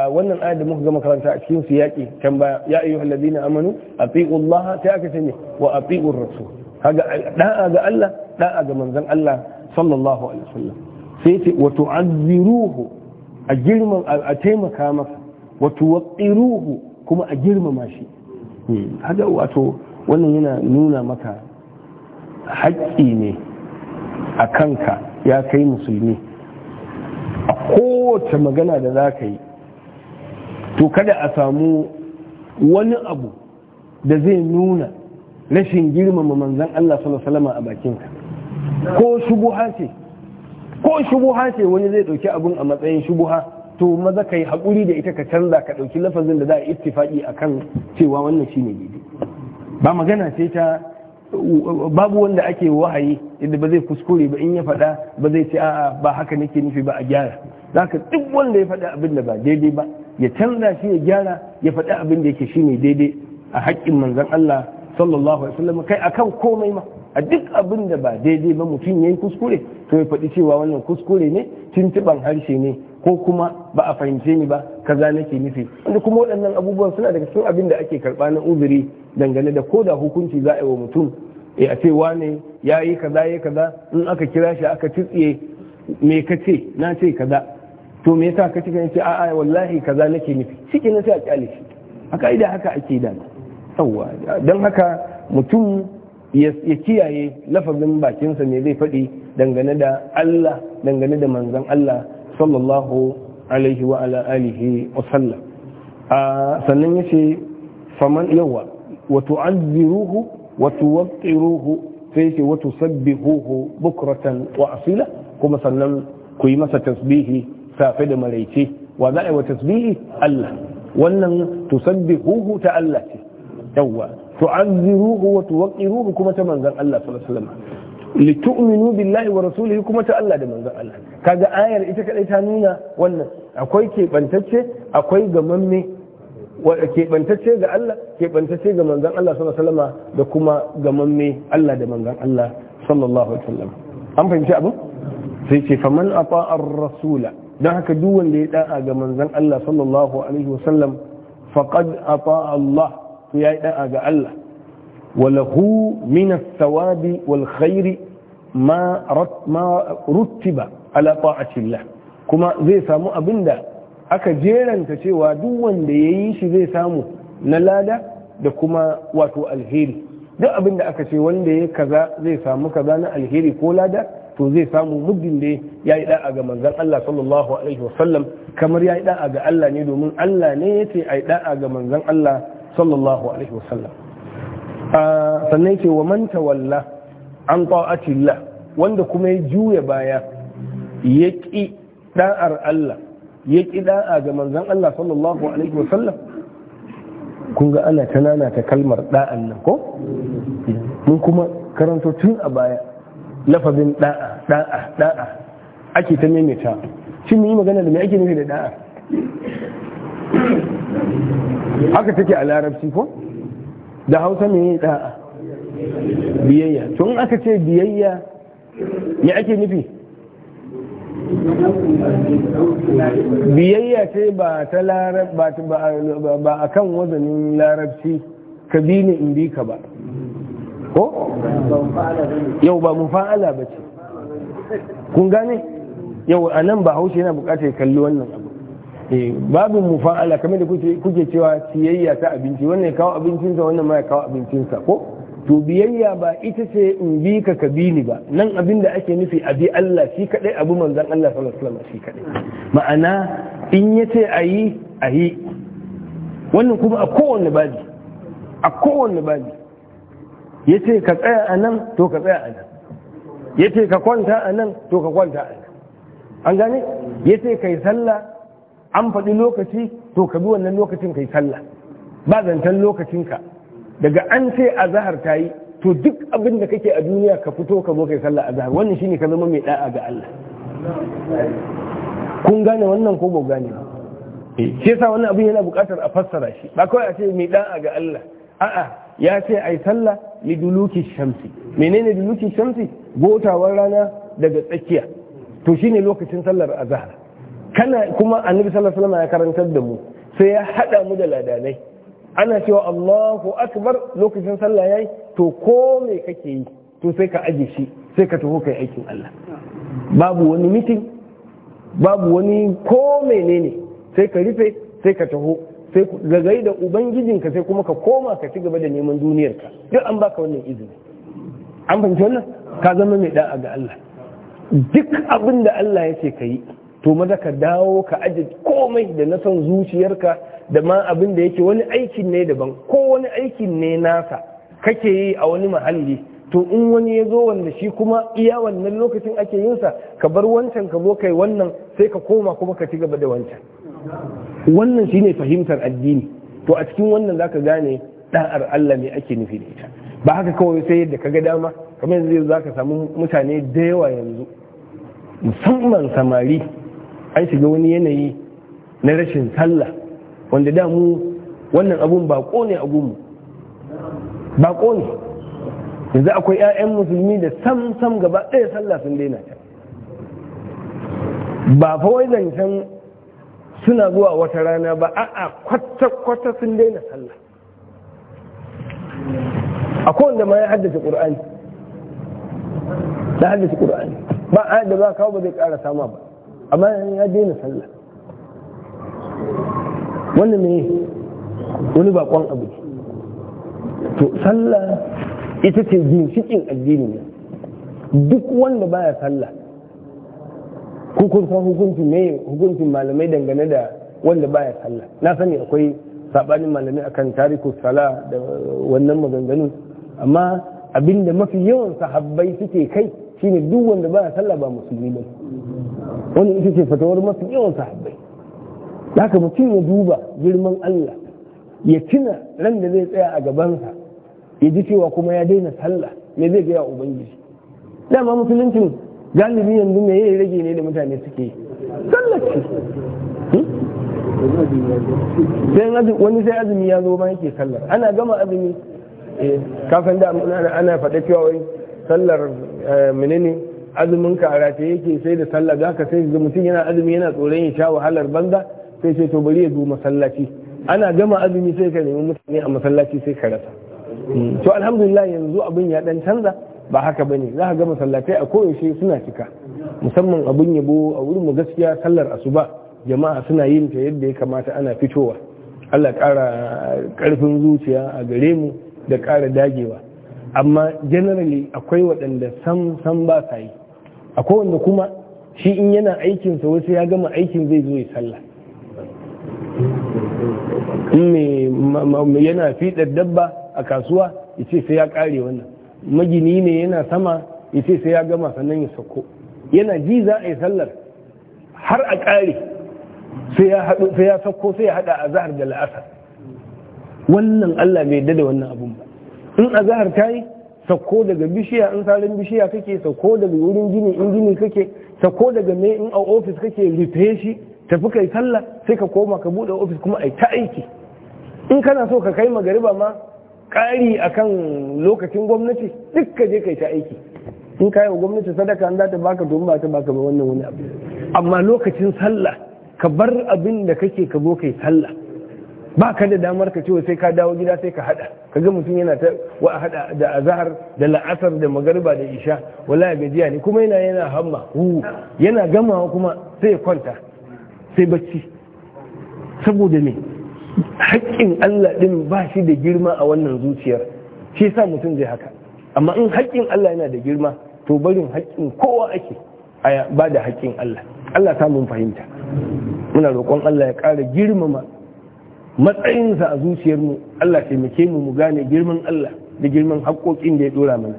wannan ayat da muka gama karanta a cikin su yaki can baya ya ayyuhal ladina amanu atiqu Allah sai aka sani wa atiqu rasul kaga da'a ga Allah da'a ga manzon Allah sallallahu alaihi wasallam sai ce wa tu'azziruhu a girman a taimaka masa wa tuwaqqiruhu kuma a girmama shi haka wato wannan yana nuna maka haƙƙi ne a kanka ya kai musulmi a kowace magana da za ka yi to kada a samu wani abu da zai nuna rashin girmama manzan Allah salama a bakinka ko shubuha ce ko shubuha ce wani zai ɗauki abin a matsayin shubuha to maza ka yi haƙuri da ita ka canza ka ɗauki lafazin da za a ittifaƙi a kan cewa wannan shi ne daidai ba magana ce ta babu wanda ake wahayi inda ba zai kuskure ba in ya faɗa ba zai ce a'a ba haka nake nufi ba a gyara zaka duk wanda ya faɗa abin da ba daidai ba ya canza shi ya gyara ya faɗa abin da yake shi ne daidai a haƙƙin manzon Allah sallallahu alaihi wasallam kai akan komai ma a duk abin da ba daidai ba mutum yayi kuskure to ya faɗi cewa wannan kuskure ne tuntuban harshe ne ko kuma ba a fahimce ni ba kaza nake nufi wanda kuma waɗannan abubuwan suna daga cikin abin da ake karɓa na uzuri dangane da ko da hukunci za a yi wa mutum e a ce wane ya yi kaza ya kaza in aka kira shi aka tsitsiye me ka ce na ce kaza to me yasa ka cika ce a'a wallahi kaza nake nufi shike na sai a kyale shi a ka'ida haka ake da yawa don haka mutum ya kiyaye lafazin bakinsa ne zai faɗi dangane da Allah dangane da manzon Allah sallallahu alaihi wa ala alihi wa sallam sannan ya ce faman yawa wa tu'azziruhu wa tuwaqqiruhu sai ce yace wa tusabbihuhu bukratan wa asila kuma sannan ku yi masa tasbihi safe da maraice wa za'i wa tasbihi Allah wannan tusabbihuhu ta Allah ce yawa tu'azziruhu wa tuwaqqiruhu kuma ta manzon Allah sallallahu alaihi wasallam litu'minu billahi wa rasulihi kuma ta Allah da manzon Allah kaga ayar ita kadai ta nuna wannan akwai keɓantacce akwai gamamme keɓantacce ga Allah keɓantacce ga manzon Allah sallallahu alaihi wasallam da kuma gamamme Allah da manzon Allah sallallahu alaihi wasallam an fahimci abu sai ce faman ata'ar rasula don haka duk wanda ya da'a ga manzon Allah sallallahu alaihi wasallam faqad ata'a Allah ya da'a ga Allah وله من الثواب والخير ما ما رتب على طاعة الله كما زي سامو أبندا aka jeranta cewa duk wanda ya yi shi zai samu na lada da kuma wato alheri duk abin da aka ce wanda ya kaza zai samu kaza na alheri ko lada to zai samu muddin da ya yi da'a ga manzan Allah sallallahu alaihi wasallam kamar ya yi da'a ga Allah ne domin Allah ne ya ce yi da'a ga manzan Allah sallallahu alaihi wasallam sannan ke wa manta walla an ta'atillah wanda kuma ya juya baya ya ƙi da'ar Allah ya ƙi da'a ga manzan Allah sallallahu alaihi wasallam kun ga ana ta nanata kalmar ɗa'an nan ko mun kuma karanto tun a baya lafazin ɗa'a, ɗa'a, ɗa'a, ake ta maimaita shin mun yi magana da mai ake nufi da ɗa'a haka take a larabci ko da hausa mai da'a biyayya tun aka ce biyayya me ake nufi biyayya ce ba ta ba a kan wazanin larabci ka bi ni in bi ka ba ko yau ba mu fa'ala ba ce kun gane yau a nan ba haushe yana bukatar kalli wannan abu Eh, babu Allah kamar da kuke cewa siyayya ta abinci wannan ya kawo abincinsa wannan ma ya kawo abincinsa ko to biyayya ba ita ce in bi ka ka bi ni ba nan abin da ake nufi a bi Allah shi kadai abu manzon Allah sallallahu alaihi wasallam shi kadai ma'ana in ya ce a yi a yi wannan kuma a kowanne babi a kowanne babi ya ce ka tsaya a nan to ka tsaya a nan ya ce ka kwanta a nan to ka kwanta a nan an gane ya ce ka yi sallah an faɗi lokaci to ka bi wannan lokacin kai sallah ba zancen lokacinka daga an ce a zahar ta yi to duk abin da kake a duniya ka fito ka zo kai sallah a zahar. wannan shine ka zama mai da'a ga Allah kun gane wannan ko ba gane ba eh, shi yasa wannan abin yana buƙatar a fassara shi ba kawai a ce mai da'a ga Allah a'a ya ce ai sallah li duluki shamsi menene duluki shamsi gotawar rana daga tsakiya to shine lokacin sallar azhar kana kuma annabi sallallahu alaihi wasallam ya karantar da mu sai ya hada mu da ladanai ana cewa Allahu akbar lokacin sallah yayi to ko me kake yi to sai ka aje shi sai ka taho kai aikin Allah babu wani meeting? babu wani ko menene sai ka rufe sai ka taho sai ga gaida ubangijinka sai kuma ka koma ka ci gaba da neman duniyarka duk an baka wannan izini an fahimci wannan ka zama mai da'a ga Allah duk abin da Allah ya ce ka yi to maza ka dawo ka aje komai da na son zuciyarka da ma abin da yake wani aikin ne daban ko wani aikin ne nasa kake yi a wani muhalli to in wani ya zo wanda shi kuma iya wannan lokacin ake yinsa ka bar wancan ka zo kai wannan sai ka koma kuma ka ci gaba da wancan wannan shine fahimtar addini to a cikin wannan zaka gane da'ar Allah me ake nufi da ita ba haka kawai sai yadda kaga dama kamar yanzu zaka samu mutane da yawa yanzu musamman samari an shiga wani yanayi na rashin sallah wanda da mu wannan abun bako ne a gunmu bako ne yanzu akwai 'ya'yan musulmi da sam sam gaba ɗaya sallah sun daina ta ba fa wai zancen suna zuwa wata rana ba a'a kwata kwata sun daina sallah akwai da ma ya haddace ƙur'ani da haddace ƙur'ani ba a yadda ba kawo ba zai ƙara sama ba amma ya daina sallah wannan ne wani bakon abu to sallah ita ce ginshikin addini ne duk wanda baya sallah ko kun san hukuncin ne hukuncin malamai dangane da wanda baya sallah na sani akwai sabanin malamai akan tariku sala da wannan maganganun amma abinda mafi yawan sahabbai suke kai shine duk wanda baya sallah ba musulmi ba wani ita ce fatawar mafi yawan sahabbai aka mutum ya duba girman Allah ya tuna ran da zai tsaya a gabansa ya ji cewa kuma ya daina sallah me zai gaya ubangiji dama musuluncin galibi yanzu me yayi rage ne da mutane suke sallah ce hmm? sai wani sai azumi ya zo ma yake sallar ana gama azumi eh, kafin da ana faɗa cewa wai sallar eh, menene azumin ka rataye yake sai da sallah za ka sai da mutum yana azumi yana tsoron ya sha wahalar banza sai sai to bari ya zo masallaci ana gama azumi sai ka nemi mutane a masallaci sai ka rasa hmm. to alhamdulillah yanzu abin ya dan canza ba haka bane za ka ga masallatai a koyaushe suna cika musamman abin yabo a wurin mu gaskiya sallar asuba jama'a suna yin ta yadda ya kamata ana fitowa Allah ƙara ƙarfin zuciya a gare mu da ƙara dagewa amma generally akwai waɗanda sam sam ba sa yi akwai wanda kuma shi in yana aikinsa wasu ya gama aikin zai zo ya sallah yana fiɗar dabba a kasuwa ya ce sai ya ƙare wannan magini ne yana sama ya ce sai ya gama sannan ya sako yana ji za a yi sallar har a ƙare sai ya sako sai ya haɗa a zahar da la'asar wannan allah bai da wannan abun ba in a zahar ta yi sauko daga bishiya in sarin bishiya kake sauko daga wurin gini in gini kake sauko daga mai in a ofis kake rufe shi tafi kai sallah sai ka koma ka bude ofis kuma ai ta aiki in kana so ka kai magariba ma kari akan lokacin gwamnati duk ka je kai ta aiki in kai wa gwamnati sadaka an zata baka domin ba ta baka ba wannan wani abu amma lokacin sallah ka bar abin da kake ka zo kai sallah ba ka da damar ka cewa sai ka dawo gida sai ka hada ga mutum yana ta wa hada da azhar da la'asar da magariba da isha Wala ya gajiya ne kuma yana yana hamma yana gamawa kuma sai kwanta sai bacci saboda me haƙƙin Allah din ba shi da girma a wannan zuciyar shi yasa mutum zai haka amma in haƙƙin Allah yana da girma to barin haƙƙin kowa ake a ba da haƙƙin Allah Allah ta mun fahimta muna roƙon Allah ya ƙara girmama matsayinsa a zuciyarmu Allah taimake mu mu gane girman Allah da girman haƙoƙin da ya ɗora mana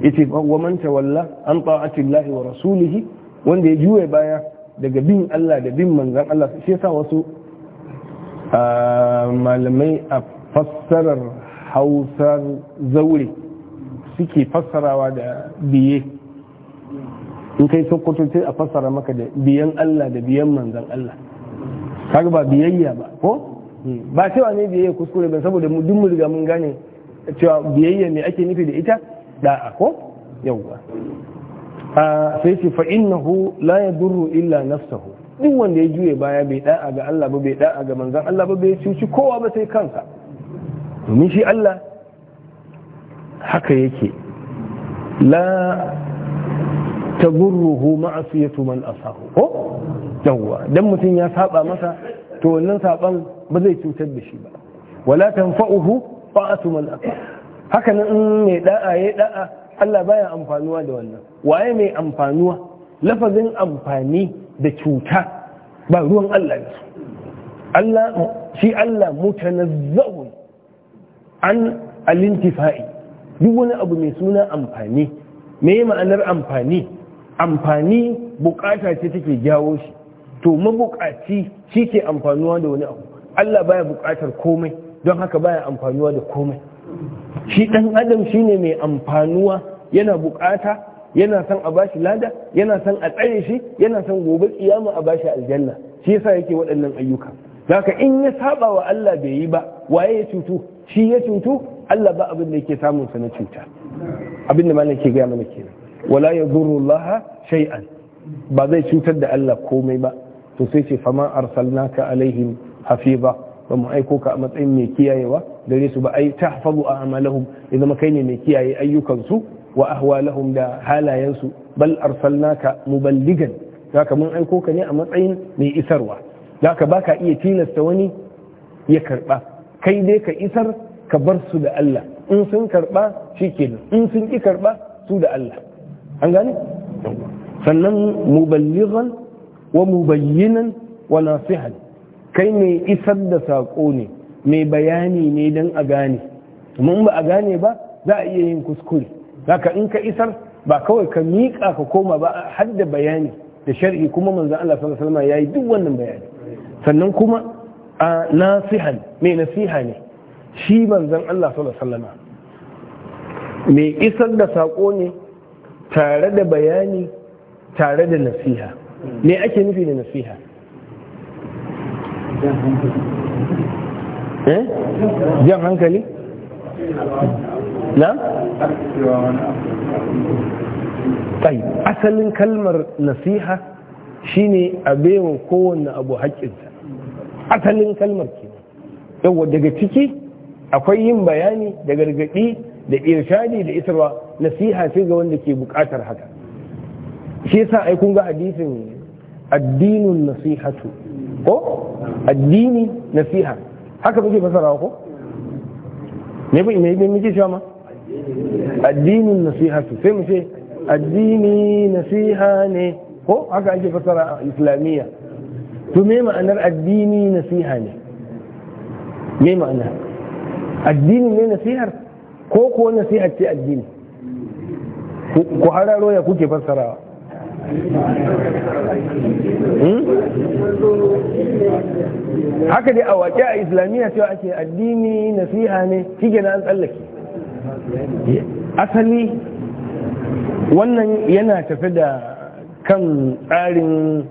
yace wa man tawalla an ta'atillahi wa rasulihi wanda ya juya baya daga bin Allah da bin manzan Allah shi yasa wasu ah, malamai a fassarar hausar zaure suke fassarawa da biye in kai sokoto sai a fassara maka da biyan Allah da biyan manzan Allah kaga ba biyayya ba ko ba cewa ne biyayya kuskure ba saboda mu duk riga mun gane cewa biyayya me ake nufi da ita da ko yawwa sai ce fa innahu la yadurru illa nafsahu duk wanda ya juye baya bai da'a ga Allah ba bai da'a ga manzon Allah ba bai cuci kowa ba sai kansa domin shi Allah haka yake la tagurruhu ma'asiyatu man asahu ko yawwa dan mutum ya saba masa to wannan saban ba zai cutar da shi ba wala tanfa'uhu ta'atu man aka haka nan in mai da'a yayi da'a Allah baya amfanuwa da wannan waye mai amfanuwa lafazin amfani da cuta ba ruwan Allah ne Allah shi Allah mutanazzahun an alintifa'i duk wani abu mai suna amfani me ma'anar amfani amfani bukata ce take jawo shi to mabukaci shi ke amfanuwa da wani abu Allah baya buƙatar komai don haka baya amfanuwa da komai shi ɗan adam shi ne mai amfanuwa yana buƙata yana son a bashi lada yana son a tsaye shi yana son gobe tsiyama a bashi aljanna shi yasa yake waɗannan ayyuka haka in ya saba wa Allah bai yi ba waye ya cutu shi ya cutu Allah ba abin da yake samun sa na cuta abin da malam ke gaya mana kenan wala yadurullaha shay'an ba zai cutar da Allah komai ba to sai ce fama ka alaihim hafiza ba mu aiko ka a matsayin mai kiyayewa gare su ba ai a a'malahum ya zama kai ne mai kiyaye ayyukansu wa ahwalahum da halayensu bal arsalnaka muballigan ka mun aiko ka ne a matsayin mai isarwa zaka baka iya tilasta wani ya karba kai dai ka isar ka bar su da Allah in sun karba shikenan in sun ki karba su da Allah an gane sannan muballighan wa mubayyinan wa nasihan kai mai isar da saƙo ne mai bayani ne don a gane kuma ba a gane ba za a iya yin kuskure zaka in ka isar ba kawai ka miƙa ka koma ba har da bayani da shar'i kuma manzo Allah sallallahu alaihi wasallam yayi duk wannan bayani sannan kuma nasihan mai nasiha ne shi manzon Allah sallallahu alaihi wasallam mai isar da saƙo ne tare da bayani tare da nasiha me ake nufi da nasiha eh? jan hankali na? asalin kalmar nasiha shine a bewa kowanne abu haƙƙinsa asalin kalmar ke Yau daga ciki akwai yin bayani da gargaɗi da irshadi da isarwa nasiha sai ga wanda ke buƙatar haka shi yasa ai kun ga hadisin addinun nasihatu ko addini nasiha haka muke fasarawa ko me bai me muke shama? addinun nasihatu sai mu ce addini nasiha ne ko haka ake fasara islamiyya to me ma'anar addini nasiha ne me ma'ana addini ne nasihar ko ko nasihar ce addini ku hararo ya kuke fasarawa Hmm? haka dai a waƙe a islamiyya cewa ake addini nasiha ne kike na an tsallake asali wannan yana tafi da kan tsarin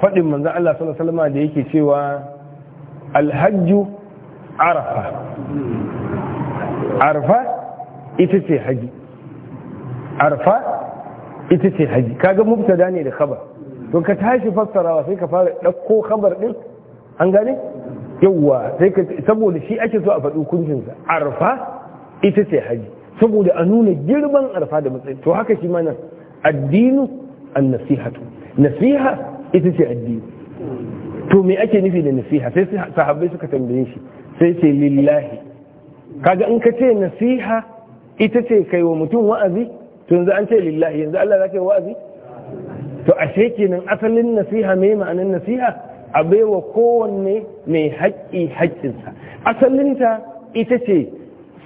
faɗin manzan Allah salama da yake cewa alhajju arafa arafa ita ce haji arafa ita ce haji kaga da ne da khabar to ka tashi fassarawa sai ka fara dauko khabar ɗin an gane yawwa sai ka saboda shi ake so a faɗi hukuncinsa arfa ita ce haji saboda a nuna girman arfa da matsayi to haka shi mana addinu an nasihatu nasiha ita ce addini to me ake nufi da nasiha sai sahabbai suka tambaye shi sai ce lillahi kaga in ka ce nasiha ita ce kai wa mutum wa'azi Tun za an ce lillahi yanzu Allah zaka yi wa'azi to ashe nan asalin nasiha mai ma'anin nasiha a baiwa kowanne mai haƙƙi haƙƙinsa asalinta ita ce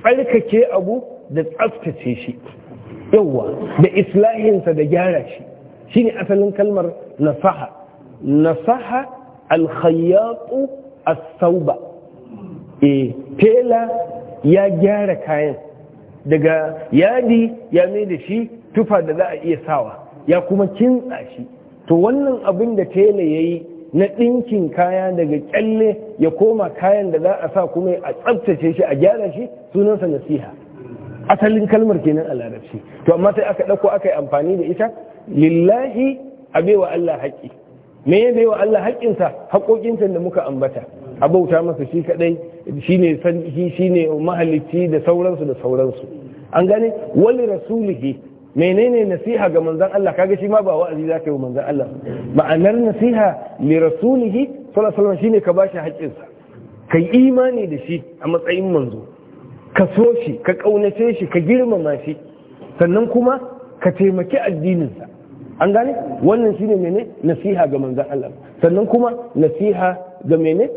tsarkake abu da tsaftace shi yawwa da islahinsa da gyara shi shine asalin kalmar nasaha nasaha alkhayyatu as-sauba eh tela ya gyara kayan daga yadi ya mai da shi tufa da za a iya sawa ya kuma kintsa shi to wannan abin da tela ya yi na ɗinkin kaya daga kyalle ya koma kayan da za a sa kuma a tsabtace shi a gyara shi sunansa nasiha asalin kalmar kenan a larabci to amma sai aka ɗauko aka yi amfani da ita lillahi a baiwa Allah haƙƙi me ya baiwa Allah haƙƙinsa haƙoƙinsa da muka ambata a bauta masa shi kadai shine sanki shine mahalicci da sauransu da sauransu an gane wali rasulihi menene nasiha ga manzan Allah kaga shi ma ba wa'azi za ka yi manzon Allah ma'anar nasiha mai rasulihi sallallahu alaihi wasallam shine ka bashi haƙƙin sa kai imani da shi a matsayin manzo ka so shi ka kaunace shi ka girmama shi sannan kuma ka taimaki addinin an gane wannan shine mene nasiha ga manzon Allah sannan kuma nasiha ga mene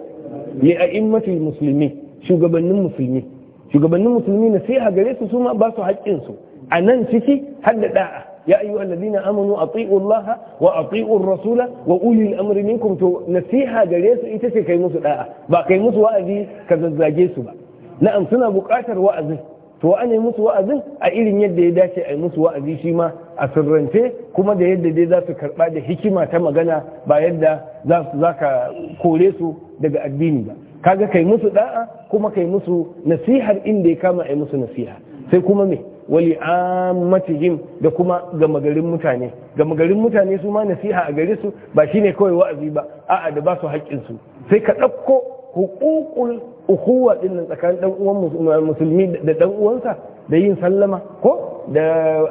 li a'immatul musulmi shugabannin musulmi shugabannin musulmi na sai a gare su suma ma ba su su a nan ciki har da da'a ya ayu allazina amanu ati'u Allah wa ati'u rasula wa ulil amri minkum to nasiha gare su ita ce kai musu da'a ba kai musu wa'azi ka zazzage su ba na'am suna buƙatar wa'azi to an yi musu wa'azin a irin yadda ya dace a yi musu wa'azi shi ma a sirrance kuma da yadda dai za su karɓa da hikima ta magana ba yadda za ka kore su daga addini ba kaga kai musu da'a kuma kai musu nasihar inda ya kama a yi musu nasiha sai kuma me wali ammatihim da kuma gama garin mutane gama garin mutane su ma nasiha a gare su ba shine kawai wa'azi ba a'a da ba su haƙƙin su sai ka ɗauko hukukul ukuwa din nan tsakanin dan uwan musulmi da dan uwansa da yin sallama ko da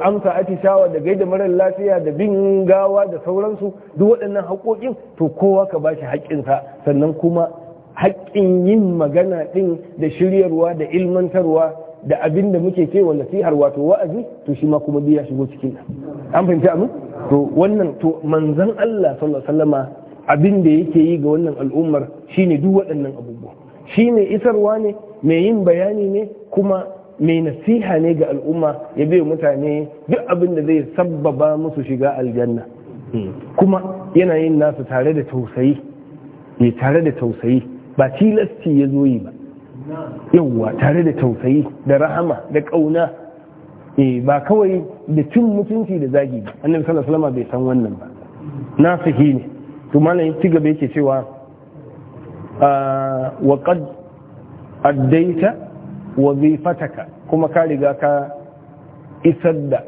amsa atishawa da gaida marar lafiya da bin gawa da sauransu duk waɗannan haƙoƙin to kowa ka bashi haƙƙinsa sannan kuma haƙƙin yin magana din da shiryarwa da ilmantarwa da abin da muke wa nasihar wato wa'azi to shi ma kuma biya shigo cikin an fahimci amin to wannan to manzon Allah sallallahu alaihi wasallama abin da yake yi ga wannan al'ummar shine duk waɗannan abubuwa Shi shine isarwa ne mai yin bayani ne kuma mai nasiha ne ga al'umma ya bai mutane duk abin da zai sabbaba musu shiga aljanna kuma yana yin nasu tare da tausayi ne tare da tausayi ba tilasti ya zo yi ba yauwa tare da tausayi da rahama da ƙauna eh, ba kawai da cin mutunci da zagi ba annabi sallallahu alaihi wasallam bai san wannan ba nasihi ne to ya ci gaba yake cewa ah, wa qad addaita zifataka kuma ka riga ka isar da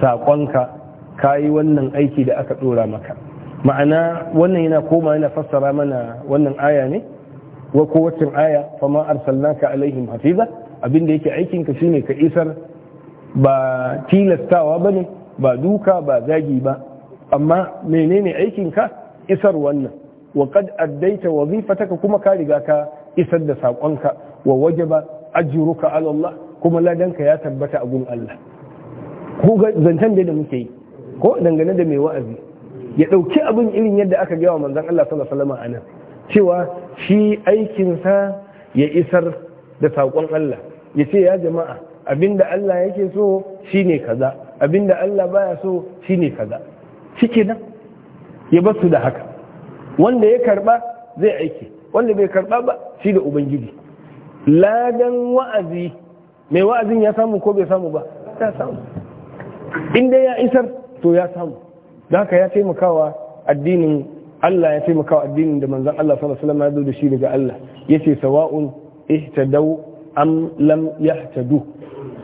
saƙonka ka yi wannan aiki da aka ɗora maka ma'ana wannan yana koma yana fassara mana wannan aya ne wa kowacin aya fama arsalnaka alaihim hafiza abinda yake aikinka shine ka isar ba tilastawa ba ne ba duka ba zagi ba amma menene aikinka isar wannan wa kad addaita wazifataka kuma ka riga ka isar da sakonka wa wajaba ajruka ala Allah kuma ladanka ya tabbata a gun Allah ku ga zancen da muke yi ko dangane da mai wa'azi ya ɗauki abin irin yadda aka gaya wa manzon Allah sallallahu alaihi wasallam anan cewa shi aikin sa ya isar da sakon Allah ya ce ya jama'a abinda Allah yake so shine kaza abinda Allah baya so shine kaza shikenan ya bar su da haka wanda ya karba zai aiki wanda bai karba ba shi da ubangiji ladan wa'azi mai wa'azin ya samu ko bai samu ba ya samu inda ya isar to ya samu don haka ya taimakawa addinin Allah ya taimakawa addinin da manzan Allah sallallahu alaihi ya zo da shi daga Allah yace sawa'un ihtadaw am lam yahtadu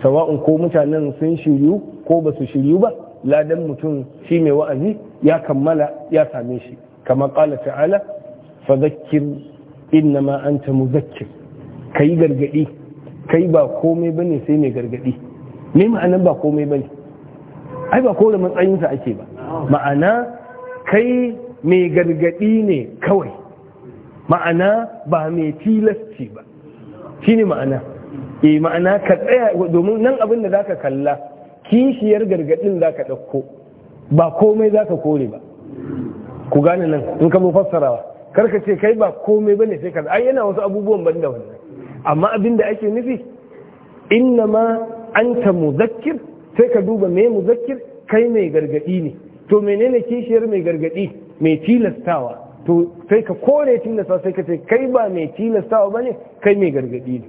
sawa'un ko mutanen sun shiryu ko ba su shiryu ba ladan mutum shi mai wa'azi ya kammala ya same shi kamar ƙala ta'ala fa zakkin ma anta muzakkir kai gargadi kai ba komai bane sai mai gargadi me ma'anan ba komai bane ai ba kore matsayinsa ake ba ma'ana kai mai gargadi ne kawai ma'ana ba mai tilasci ba shine ma'ana eh ma'ana ka tsaya domin nan abin da zaka kalla kishiyar gargadin za ka ɗauko ba komai za ka kore ba ku gane nan in ka fassarawa karka ce kai ba komai ba ne sai kaza ai yana wasu abubuwan ban da wannan amma abin da ake nufi inna ma an ta muzakkir sai ka duba me muzakkir kai mai gargadi ne to menene kishiyar mai gargadi mai tilastawa to sai ka kore tilasta sai ka ce kai ba mai tilastawa ba ne? kai mai gargadi ne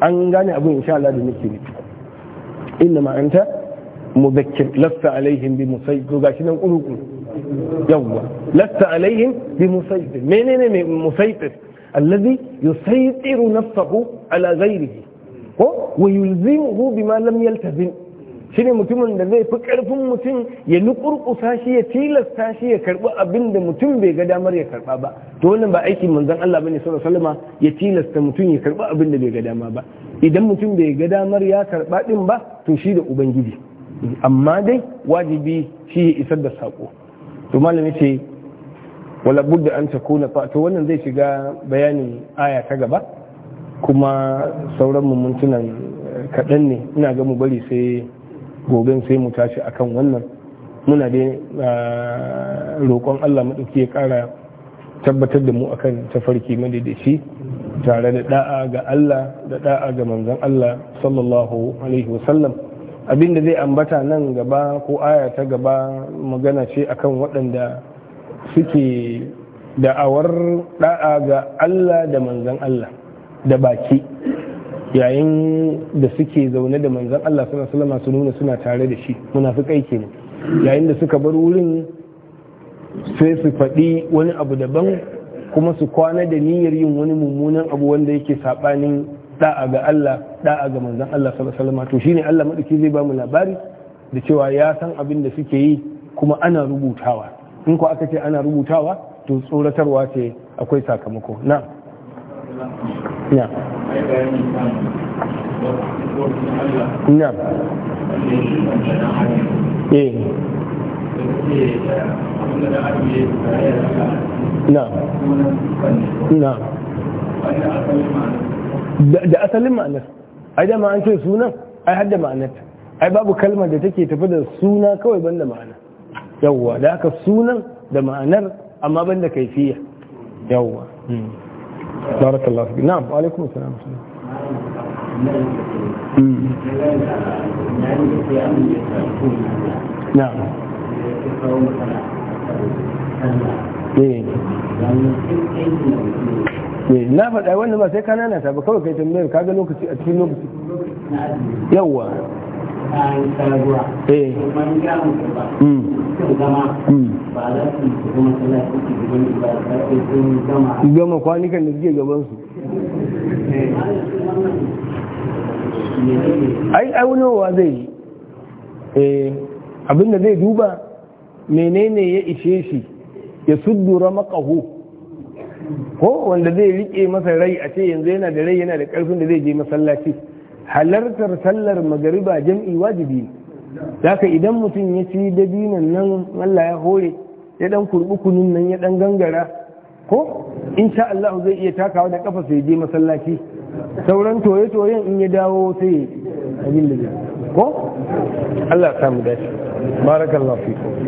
an gane abin insha Allah da nake nufi inna ma anta muzakkir lasta alaihim bi musai ga shi nan kurukun yawwa lasta alaihim bi musai menene ne musai allazi yusaytiru nafsahu ala ghairihi ko wa yulzimuhu bima lam yaltazim shine mutumin da zai fi karfin mutum ya nukurkusa shi ya tilasta shi ya karbi abin da mutum bai ga damar ya karba ba to wannan ba aikin manzon Allah bane sallallahu alaihi wasallama ya tilasta mutum ya karbi abin da bai ga dama ba idan mutum bai ga damar ya karɓa ɗin ba to shi da ubangiji amma dai wajibi shi ya isar da saƙo to malami ce wala budda an takuna fa to wannan zai shiga bayanin aya ta gaba kuma sauran mumuntunan kaɗan ne ina ga mu bari sai gobe sai mu tashi akan wannan muna dai roƙon Allah maɗauki ya ƙara tabbatar da mu akan tafarki madaidaici tare da da'a ga Allah da da'a ga manzon Allah sallallahu alaihi wasallam abinda zai ambata nan gaba ko aya ta gaba magana ce akan waɗanda suke da'awar da'a ga Allah da manzon Allah da baki yayin da suke zaune da manzon Allah sallallahu alaihi wasallam su nuna suna tare da shi muna munafikai kenan yayin da suka bar wurin sai su faɗi wani abu daban kuma su kwana da niyyar yin wani mummunan abu wanda yake saɓanin da'a ga Allah da'a ga manzon Allah sallallahu alaihi to shine Allah madaki zai ba mu labari da cewa ya san abin da suke yi kuma ana rubutawa in ko aka ce ana rubutawa to tsoratarwa ce akwai sakamako na na na eh na'am na'am da asalin ma'anar ai da an ce sunan ai hadda ma'anar ai babu kalmar da take tafi da suna kawai banda ma'ana yawwa da aka sunan da ma'anar amma banda kaifiya yawwa barakallahu fi na'am wa alaikum assalam na'am Eh, na faɗa wannan ba sai kanana ta ba kawai kai tambayar ga lokaci a cikin lokaci yawa eh. hmm. hmm. gama kwanikan da suke ai zai yi eh, abinda zai duba menene ya ishe shi ya suddu ramaqahu ko wanda zai riƙe masa rai a ce yanzu yana da rai yana da karfin da zai je masallaci halartar sallar magariba jam'i wajibi zaka idan mutum ya ci dabinan nan Allah ya hore ya dan kurbu kunun nan ya dan gangara ko insha Allah zai iya takawa da kafa sai je masallaci sauran toye-toyen in ya dawo sai abin da ko Allah ya samu dace barakallahu fiikum